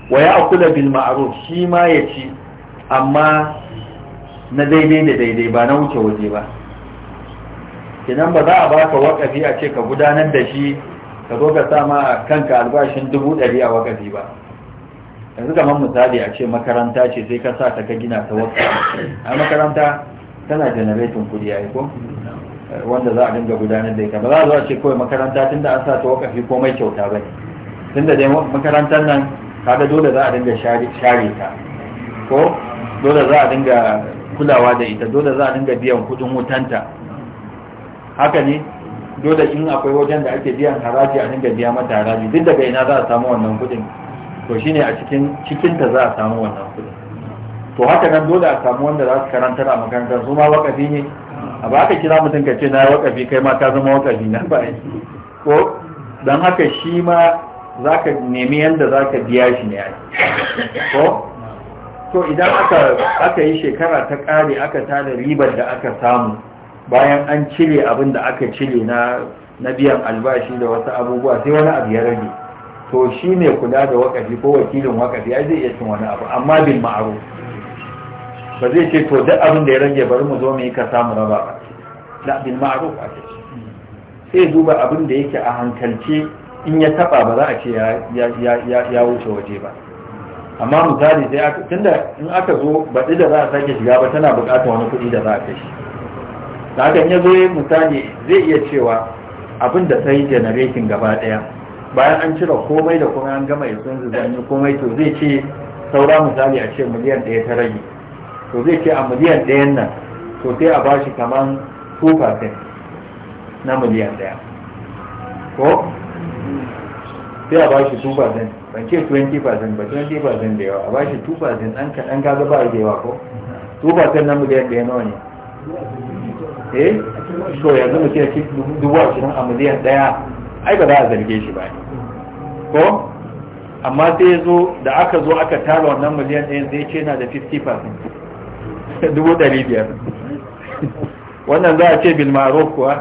Speaker 1: wa ya akula bil ma'ruf shi ma ya ci amma na daidai da daidai ba na wuce waje ba kinan ba za a baka wakafi a ce ka gudanar da shi ka zo ka sama a kanka albashin dubu ɗari a wakafi ba yanzu kamar misali a ce makaranta ce sai ka sa ta ka gina ta wakafi a makaranta tana janaretin kudi ya ko wanda za a dinga gudanar da ita ba za a zo a ce kawai makaranta tunda an sa ta wakafi komai kyauta ba ne tunda dai makarantar nan kaga dole za a dinga share ta ko dole za a dinga kulawa da ita dole za a dinga biyan kudin wutanta haka ne dole in akwai wajen da ake biyan haraji a dinga biya mata haraji duk daga ina za a samu wannan kudin to shine a cikin cikinta za a samu wannan kudin to haka nan dole a samu wanda za su karantar a makarantar su ma wakafi ne a ba ka kira mutum ka ce na wakafi kai ma ka zama wakafi na ba ko dan haka shi ma za ka nemi yadda za ka biya shi ne ko? to idan aka yi shekara ta ƙare aka tada ribar da aka samu bayan an cire abin da aka cire na biyan albashi da wasu abubuwa sai wani abu ya rage to shi ne kula da wakafi ko wakilin wakafi ya zai iya cin wani abu amma bin ma'aru ba zai ce to duk abin da ya rage bari mu zo mu yi ka samu raba ba da bin ma'aru ba sai duba abin da yake a hankalce in ya taba ba za a ce ya wuce waje ba amma misali sai tunda in aka zo baɗi da za a sake shiga ba tana buƙatar wani kuɗi da za a kashi da aka ya zo misali zai iya cewa abin da sai generating gaba ɗaya bayan an cire komai da kuma an gama ya sun komai to zai ce saura misali a ce miliyan ɗaya ta rage to zai ce a miliyan ɗayan nan to sai a bashi kaman 2% na miliyan ɗaya ko sai a bashi 2% ban ce 20% ba 20% da yawa a bashi 2% ɗan kaɗan gaza ba a yi ko 2% na miliyan ɗaya nawa ne eh so yanzu mu ce dubu ashirin a miliyan ɗaya ai ba za a zarge shi ba ko amma sai ya zo da aka zo aka tara wannan miliyan ɗaya zai ce na da 50% dubu ɗari biyar wannan za a ce bilmaro kuwa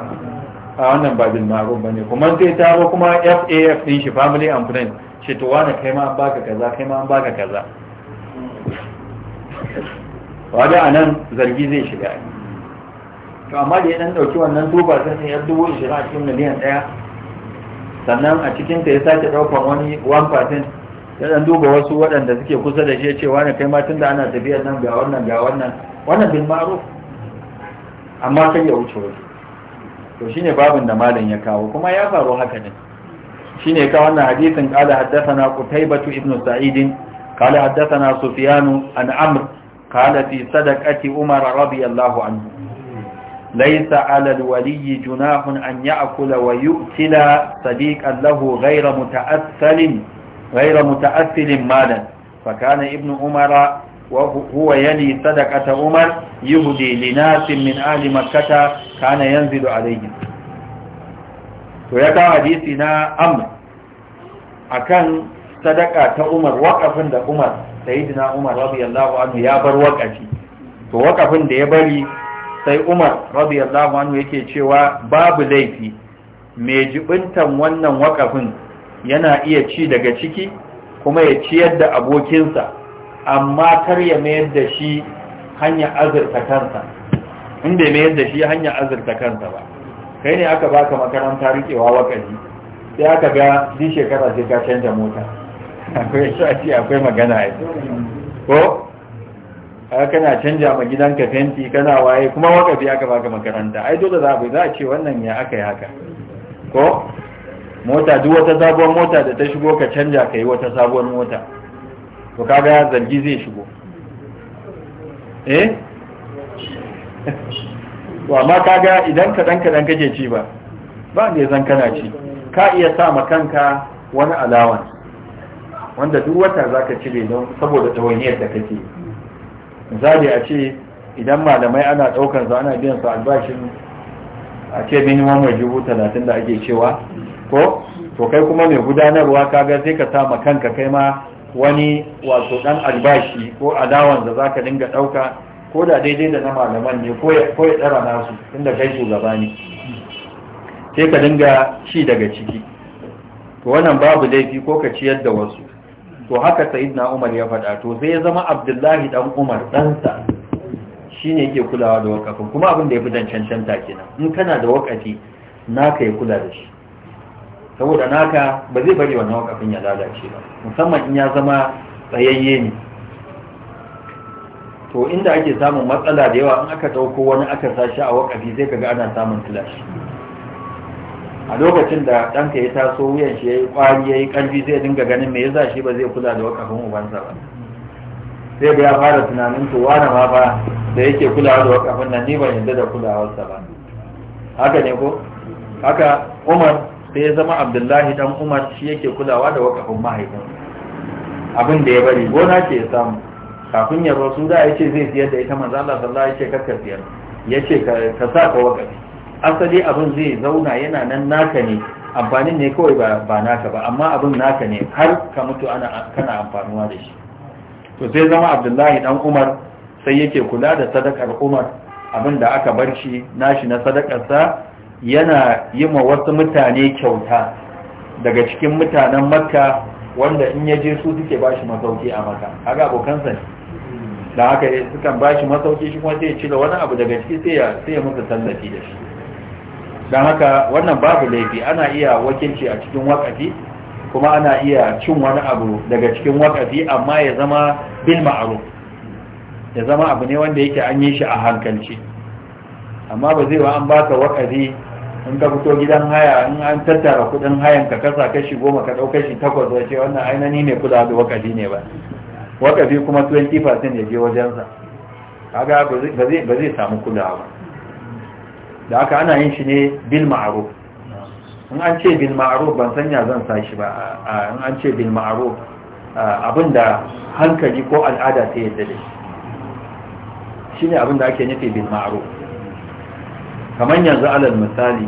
Speaker 1: a wannan ba bil ma'ruf bane kuma sai taro kuma FAF din shi family and friends shi to wani kai ma an baka kaza kai ma an baka kaza a anan zargi zai shiga to amma da ya dan dauki wannan duba sai sai yar dubu 20 a cikin miliyan daya sannan a cikin ta ya sake daukan wani 1% ya dan duba wasu waɗanda suke kusa da shi cewa ne kai ma tunda ana tafiyar nan ga wannan ga wannan wannan bin maro amma kai ya wuce wani to shine babin da malam ya kawo kuma ya faru haka ne shine ka wannan hadisin qala haddathana Ibnu ibn sa'id qala haddathana sufyan an amr qala fi sadaqati umar radiyallahu anhu laysa 'ala al-waliy junahun an ya'kula wa yu'tila sadiqan lahu ghayra muta'assilin ghayra muta'assilin malan فكان ابن Wu wa yanni sadaka ta Umar, yi hudu da min alimarkata, kane yanzu da alayyisu. To ya kawo hadisi na Aminu. A kan ta Umar, waƙafin da Umar, Sayyidina Umar r. a. ya bar waƙafi, to waƙafin da ya bari, sai Umar r. a. ya cewa, babu laifi. Me jibintan wannan waƙafin yana iya ci daga ciki, kuma ya ciyar da abokinsa? amma kar ya mayar da shi hanyar azurta kansa in bai mayar da shi hanyar azurta kansa ba kai ne aka baka makaranta rikewa wakali sai aka ga din shekara sai ka canza mota akwai shafi akwai magana ya ko kana canja ma gidanka fenti kana waye kuma wakali aka baka makaranta ai dole za a bai za a ce wannan ya aka yi haka ko mota duk wata sabuwar mota da ta shigo ka canja ka yi wata sabuwar mota to kaga zargi zai shigo eh wa amma kaga idan kaɗan kaɗan kake ci ba ba ne zan kana ci ka iya sa ma kanka wani alawan wanda duk wata za ka cire don saboda tawaniyar da kake misali a ce idan malamai ana ɗaukar su ana biyan su albashin a ce minimum wage dubu talatin da ake cewa ko to kai kuma mai gudanarwa kaga sai ka sa ma kanka kai ma wani wato dan albashi ko adawan da zaka dinga dauka ko da daidai da na malaman ne ko ya tsara nasu inda kai shugaba ne sai ka dinga shi daga ciki to wannan babu laifi ko ka ciyar da wasu to haka Said na Umar ya faɗa to sai ya zama Abdullahi dan Umar ɗansa shine yake kulawa da wakafin kuma abin da ya fi dan cancanta kenan in kana da wakati naka ya kula da shi saboda naka ba zai bari wannan wakafin ya lalace ba musamman in ya zama tsayayye ne to inda ake samun matsala da yawa in aka dauko wani aka sashi a wakafi zai kaga ana samun tilashi a lokacin da ɗanka ya taso wuyan shi ya yi ƙwari ya yi ƙarfi zai dinga ganin mai yasa shi ba zai kula da wakafin ubansa ba sai da ya fara tunanin to wani ma ba da yake kulawa da wakafin nan ni ban yadda da kulawarsa ba haka ne ko haka umar sai ya zama abdullahi dan umar shi yake kulawa da wakafin mahaifinsa abin da ya bari gona ce ya samu kafin ya rasu da ya ce zai siyar da ita manzo Allah sallallahu alaihi wasallam ya ce ya ce ka sa ka wakafi asali abin zai zauna yana nan naka ne amfanin ne kawai ba naka ba amma abin naka ne har ka mutu ana kana amfanuwa da shi to sai zama abdullahi dan umar sai yake kula da sadakar umar abin da aka bar shi nashi na sadakarsa yana yi ma wasu mutane kyauta daga cikin mutanen makka wanda in ya je su suke ba shi masauki a makka haka abokansa ne da haka sukan ba shi masauki shi kuma sai ya cire wani abu daga ciki sai ya musu tallafi da shi don haka wannan babu laifi ana iya wakilci a cikin wakafi kuma ana iya cin wani abu daga cikin wakafi amma ya zama bil ma'ruf ya zama abu ne wanda yake an yi shi a hankalci amma ba zai ba an baka wakafi in ka fito gidan haya in an tattara kudin hayan ka kasa kashi goma ka ɗau kashi takwas da ce wannan ainihi ne kula da wakafi ne ba wakafi kuma 20% ya je wajensa kaga ba zai samu kula ba da aka ana yin shi ne bil ma'aruf in an ce bil ma'aruf ban sanya zan sa shi ba in an ce bil ma'aruf abinda hankali ko al'ada ta yadda da shi shine abinda ake nufi bil ma'aruf kamar yanzu alal misali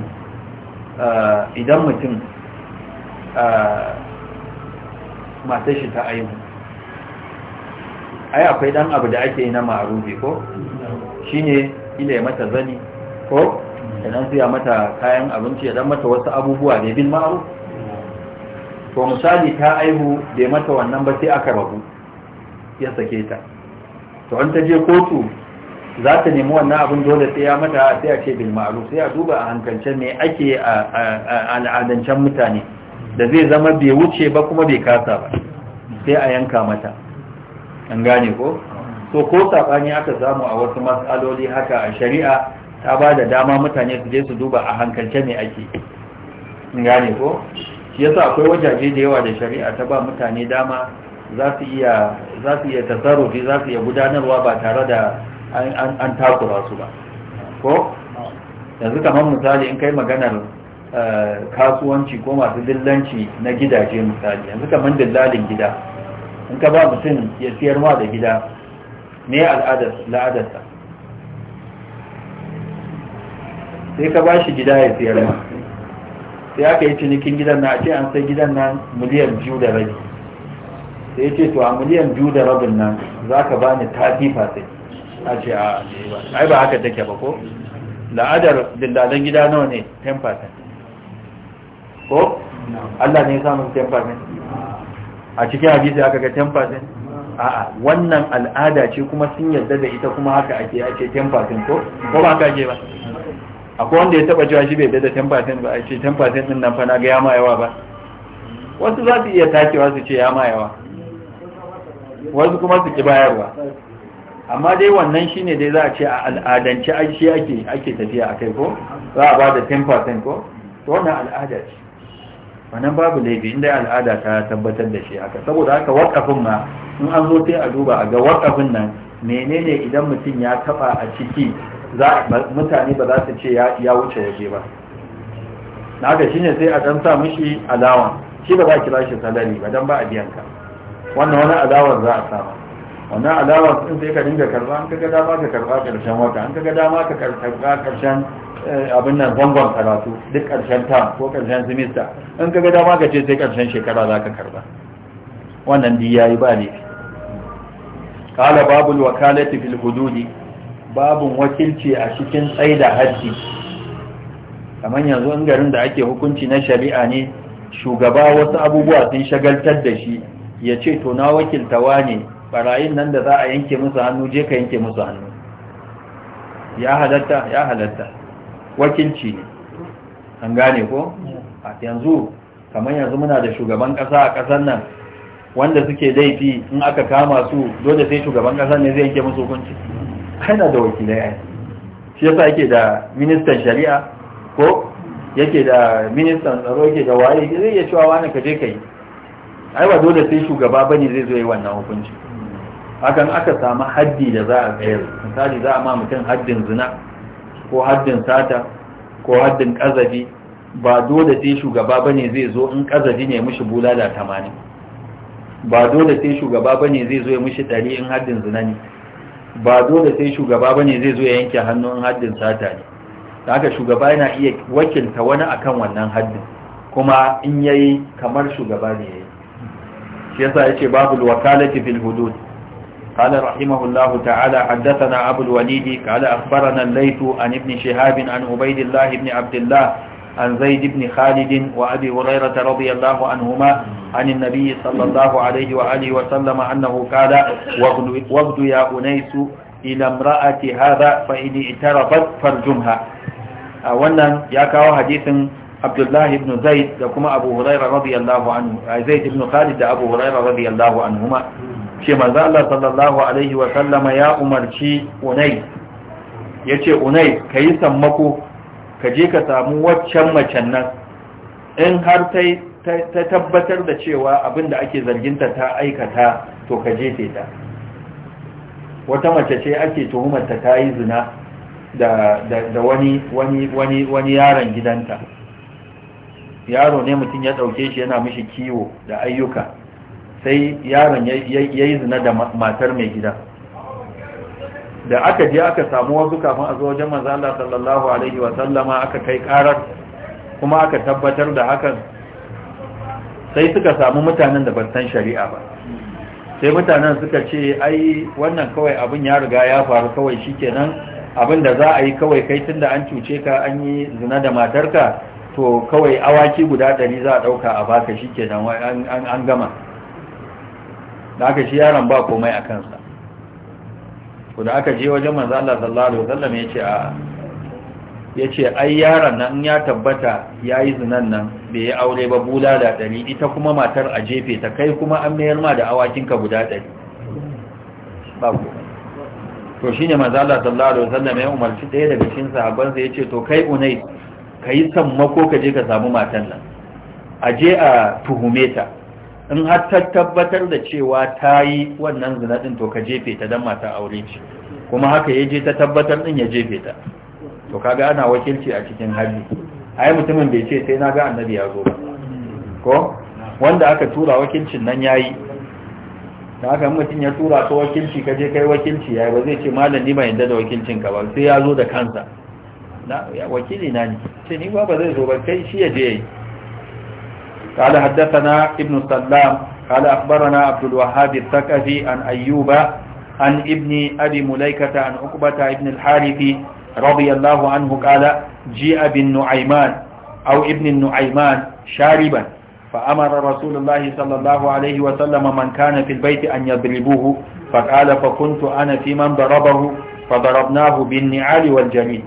Speaker 1: eh, idan mutum eh, matashi shi ta aihu ai akwai dan abu da ake yi na ma'arufi ko shine ila ya mata zani ko idan ya mata kayan abinci ya dan mata wasu abubuwa da bin ma'aruf to misali ta aihu bai mata wannan ba sai aka rabu ya sake ta to an ta je kotu za ta nemi wannan abin dole sai ya mata sai a ce bil ma'ruf sai a duba a hankalce me ake a al'adancen mutane da zai zama bai wuce ba kuma bai kasa ba sai a yanka mata an gane ko so ko sabani aka samu a wasu matsaloli haka a shari'a ta ba da dama mutane su je su duba a hankalce me ake an gane ko shi yasa akwai wajaje da yawa da shari'a ta ba mutane dama za su iya za su za su iya gudanarwa ba tare da an takura su ba ko yanzu kamar misali in kai maganar eh, kasuwanci ko masu dillanci na gidaje misali yanzu kamar dillalin gida in ka ba mutum ya siyar ma da gida ne al'adarsa sai ka ba shi gida ya siyar ma sai aka yi cinikin gidan na a ce an sai gidan nan miliyan biyu da rabi sai ya ce to a miliyan biyu da rabin nan za ka ba ni tafi fasai a ce a ai ba haka take ba ko la'adar dillalan gida nawa ne 10% ko Allah ne ya samu 10% a cikin hadisi aka ga 10% a'a wannan al'ada ce kuma sun yarda da ita kuma haka ake ake 10% ko ko ba haka ake ba akwai wanda ya taba cewa shi bai da 10% ba a ce 10% din nan fa na ga ya ma yawa ba wasu za su iya takewa su ce ya ma yawa wasu kuma su ki bayarwa amma dai wannan shine dai za a ce a al'adance shi ake tafiya a kai ko za a ba da 10% ko to wannan al'ada ce wannan babu laifi inda al'ada ta tabbatar da shi aka saboda haka wakafin ma in an zo sai a duba a ga wakafin nan menene idan mutum ya taba a ciki mutane ba za su ce ya wuce waje ba na haka shine sai a dan sa mishi alawan shi ba za ki shi salari ba dan ba a biyan ka wannan wani alawar za a samu wannan alawa sun sai ka dinga karba an kaga dama ka karba karshen wata an kaga dama ka karba karshen eh, abin nan gwangwan karatu duk karshen ta ko karshen semester an kaga dama ka ce sai karshen shekara za ka karba wannan di yayi ba ne qala babul wakalati fil hududi babun wakilci a cikin tsaida haddi kamar yanzu in garin da ake hukunci na shari'a ne shugaba wasu abubuwa sun shagaltar da shi ya ce to na wakiltawa ne barayin nan da za a yanke musu hannu je ka yanke musu hannu ya halatta ya halatta wakilci ne an gane ko a yanzu kamar yanzu muna da shugaban kasa a kasar nan wanda suke laifi in aka kama su dole sai shugaban kasar ne zai yanke musu hukunci Kana da wakilai ai shi yasa yake da ministan shari'a ko yake da ministan tsaro yake da waye zai iya cewa wani ka je ka yi ai ba dole sai shugaba bane zai zo yi wannan hukunci hakan aka samu haddi da za a tsayar misali za a ma mutum haddin zina ko haddin sata ko haddin ƙazafi, ba dole sai shugaba bane zai zo in ƙazafi ne mishi bulala tamanin ba dole sai shugaba bane zai zo ya mishi ɗari in haddin zina ne ba dole sai shugaba bane zai zo ya yanke hannu in haddin sata ne haka shugaba yana iya wakilta wani akan wannan haddin kuma in yayi kamar shugaba ne yayi shi yasa yace babu wakalati fil hudud قال رحمه الله تعالى حدثنا أبو الوليد قال أخبرنا الليث عن ابن شهاب عن عبيد الله بن عبد الله عن زيد بن خالد وأبي هريرة رضي الله عنهما عن النبي صلى الله عليه وآله وسلم أنه قال وغد يا أنيس إلى امرأة هذا فإن اعترفت فرجمها wannan ya kawo hadisin abdullahi ibn zaid da kuma abu huraira radiyallahu anhu zaid ibn khalid da abu huraira radiyallahu anhuma ce maza Allah sallallahu alaihi wa sallama ya umarci unai yace unai ka yi sammako ka je ka samu waccan macen nan in har tai ta tabbatar da cewa abin da ake zarginta ta aikata to ka jefe ta wata mace ce ake tuhumarta ta yi zina da wani wani wani yaron gidanta yaro ne mutum ya ɗauke shi yana mishi kiwo da ayyuka sai yaron ya yi zina da matar mai gida da aka je aka samu wasu kafin a zo wajen mazala, sallallahu alaihi sallama aka kai karar kuma aka tabbatar da hakan sai suka samu mutanen da ban shari'a ba sai mutanen suka ce ai wannan kawai abin ya riga ya faru kawai shikenan abin da za a yi kawai kai tun da an cuce ka an yi zina da matarka to kawai awaki guda ɗari za a ɗauka a baka shi shikenan an gama da aka shi yaron ba komai a kansa ku da aka je wajen manzo Allah sallallahu alaihi wasallam ya ce a ya ce ai yaron nan ya tabbata ya yi zinan nan bai yi aure ba bula da ɗari ita kuma matar a jefe ta kai kuma an mayar ma da awakin ka guda ɗari ba ku to shi ne Allah sallallahu alaihi wasallam ya umarci ɗaya daga cikin sahabbansa ya ce to kai unai ka yi sammako ka je ka samu matan nan a a tuhume ta in har ta tabbatar da cewa ta yi wannan zina ɗin to ka jefe ta don mata aure ce kuma haka ya je ta tabbatar ɗin ya jefe ta to kaga ana wakilci a cikin a ai mutumin bai ce sai na ga annabi ya zo ba ko wanda aka tura wakilcin nan ya yi. da aka mutum ya tura ta wakilci ka je kai wakilci ya yi ba zai ce malam ni ba yadda da wakilcin ka ba sai ya zo da kansa na wakili na ne ce ni ba ba zai zo ba kai shi ya je yi قال حدثنا ابن السلام قال أخبرنا عبد الوهاب الثقفي عن أيوب عن ابن أبي مليكة عن عقبة ابن الحارث رضي الله عنه قال جيء بالنعيمان أو ابن النعيمان شاربا فأمر رسول الله صلى الله عليه وسلم من كان في البيت أن يضربوه فقال فكنت أنا في من ضربه فضربناه بالنعال والجميل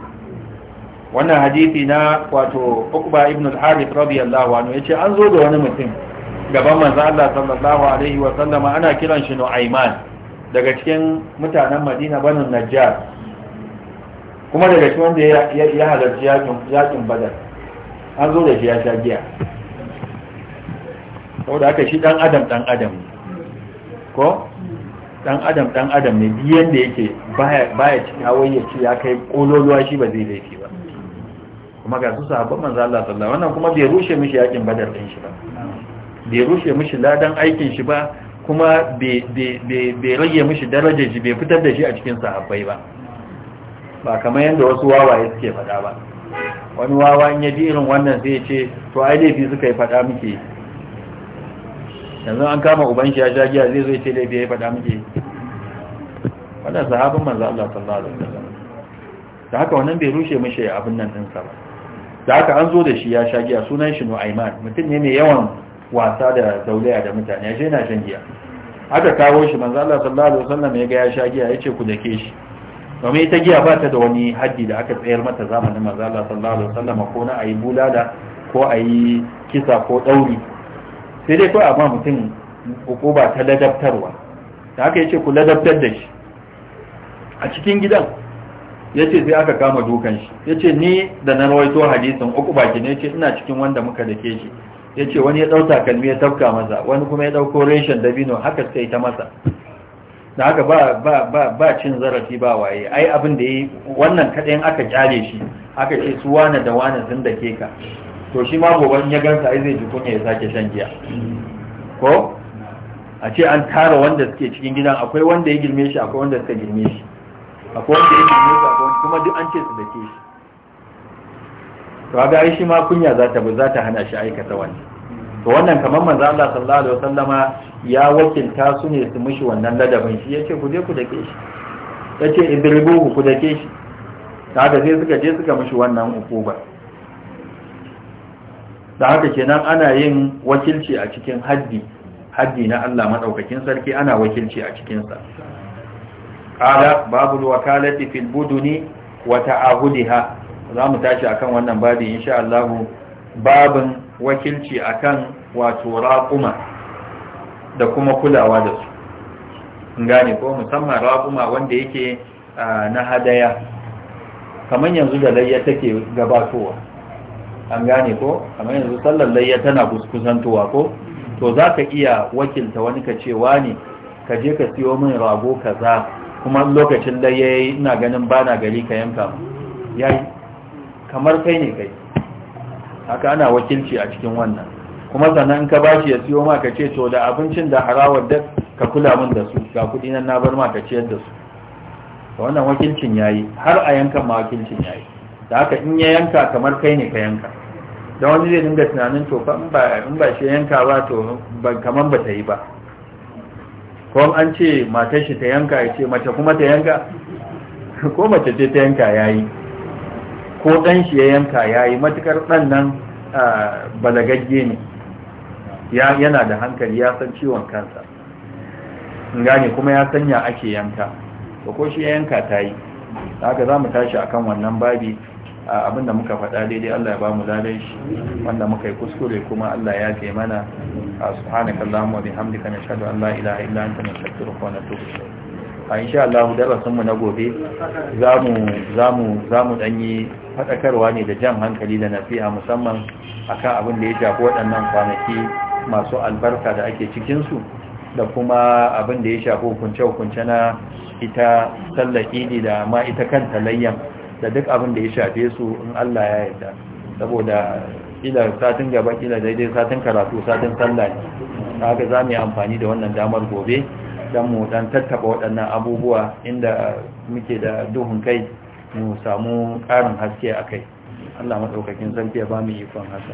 Speaker 1: wannan hadisi na wato ukba ibn al-harith radiyallahu anhu yace an zo da wani mutum gaban manzo Allah sallallahu alaihi wa sallama ana kiran shi Nu'aiman daga cikin mutanen Madina banu Najjar kuma daga cikin wanda ya halarci yakin yakin Badar an zo da shi ya sha giya saboda haka shi dan adam dan adam ko dan adam dan adam ne biyan da yake baya baya cikin hawaye ya kai kololuwa shi ba zai laifi ba kuma ga su sahabban manzo Allah sallallahu wannan kuma bai rushe mishi yakin badar din shi ba bai rushe mishi ladan aikin shi ba kuma bai rage mishi darajar shi bai fitar da shi a cikin sahabbai ba ba kamar yadda wasu wawaye suke faɗa ba wani wawa in ya ji irin wannan ya ce to ai laifi suka yi faɗa muke yanzu an kama uban shi ya sha giya zai zo ce laifi ya yi faɗa muke wannan sahabban manzo Allah sallallahu alaihi wasallam da haka wannan bai rushe mishi abin nan ɗinsa ba da haka an zo da shi ya sha giya sunan shi nu'aiman mutum ne mai yawan wasa da zaulaya da mutane ya yana shan giya aka kawo shi manzo Allah sallallahu alaihi wasallam ya ga ya sha giya ce ku dake shi kuma ita giya ba ta da wani haddi da aka tsayar mata zamanin manzo Allah sallallahu alaihi wasallam ko na ayi bulala ko ayi kisa ko dauri sai dai ko amma mutum hukuma ta ladabtarwa da haka yace ku ladabtar da shi a cikin gidan ya ce sai aka kama dukan shi ya ce ni da na rawaito hadisin uku baki ne ce ina cikin wanda muka da ke shi ya ce wani ya dauka kalmi ya tafka masa wani kuma ya dauko reshen dabino haka sai ta masa da haka ba ba cin zarafi ba waye ai abin da ya yi wannan kaɗayan aka kyale shi aka ce su wane da wane sun ke ka to shi ma goban ya gansa ai zai ji kunya ya sake shan giya ko a ce an tara wanda suke cikin gidan akwai wanda ya girme shi akwai wanda suka girme shi akwai wanda ya nemi akwai kuma duk an ce su da ke shi to ga ai shi ma kunya za ta za ta hana shi aikata wannan to wannan kamar manzo Allah sallallahu alaihi wasallama ya wakilta su ne su mishi wannan ladabin shi yace ku je ku dake shi yace idribuhu ku dake shi kaga sai suka je suka mishi wannan hukuma da haka kenan ana yin wakilci a cikin haddi haddi na Allah madaukakin sarki ana wakilci a cikin sa قال باب wakalati في البدن wa زعما تاشي tashi akan wannan babi insha Allah babin wakilci akan wato raquma da kuma kulawa da su gane ko musamman raquma wanda yake na hadaya kamar yanzu da layya take gabatowa an gane ko kamar yanzu sallar layya tana kuskusantowa ko to za ka iya wakilta wani ka ce wani ka je ka siyo min rago kaza kuma lokacin da ya yi ina ganin ba na gari ka yanka mu ya yi kamar kai ne kai haka ana wakilci a cikin wannan kuma sannan ka ba shi ya siyo ma ka ce to da abincin da harawar da ka kula min da su ga kuɗi nan na bar ma ka ciyar da su wannan wakilcin ya yi har a yankan ma wakilcin ya yi da haka in ya yanka kamar kai ne ka yanka don wani zai dinga tunanin to in ba shi yanka ba to kamar ba ta yi ba ko an ce matar shi ta yanka ya ce mace kuma ta yanka ko mace ce ta yanka ya yi? ko ɗan shi ya yanka ya yi? matukar dan nan balagagge ne yana da hankali ya san ciwon kansa gane kuma ya sanya ake yanka ko shi ya yanka ta yi haka za mu tashi akan wannan babi abinda muka faɗa daidai Allah ya ba mu ladan shi wanda muka yi kuskure kuma Allah ya ce mana subhanaka allahumma wa bihamdika nashhadu an la ilaha illa anta nastaghfiruka wa natubu ilayk a insha Allah darasin mu na gobe zamu zamu zamu danyi fadakarwa ne da jan hankali da nafi'a musamman akan abin da ya shafi waɗannan kwanaki masu albarka da ake cikin su da kuma abin da ya shafi hukunce-hukunce na ita sallar idi da ma ita kanta layyan da duk abin da ya shafe su in Allah ya yarda saboda ila satin gaba ila daidai satin karatu satin sallah ne haka za mu yi amfani da wannan damar gobe don mu dan tattaba waɗannan abubuwa inda muke da duhun kai mu samu ƙarin haske a kai Allah maɗaukakin sarki ya ba mu ikon haka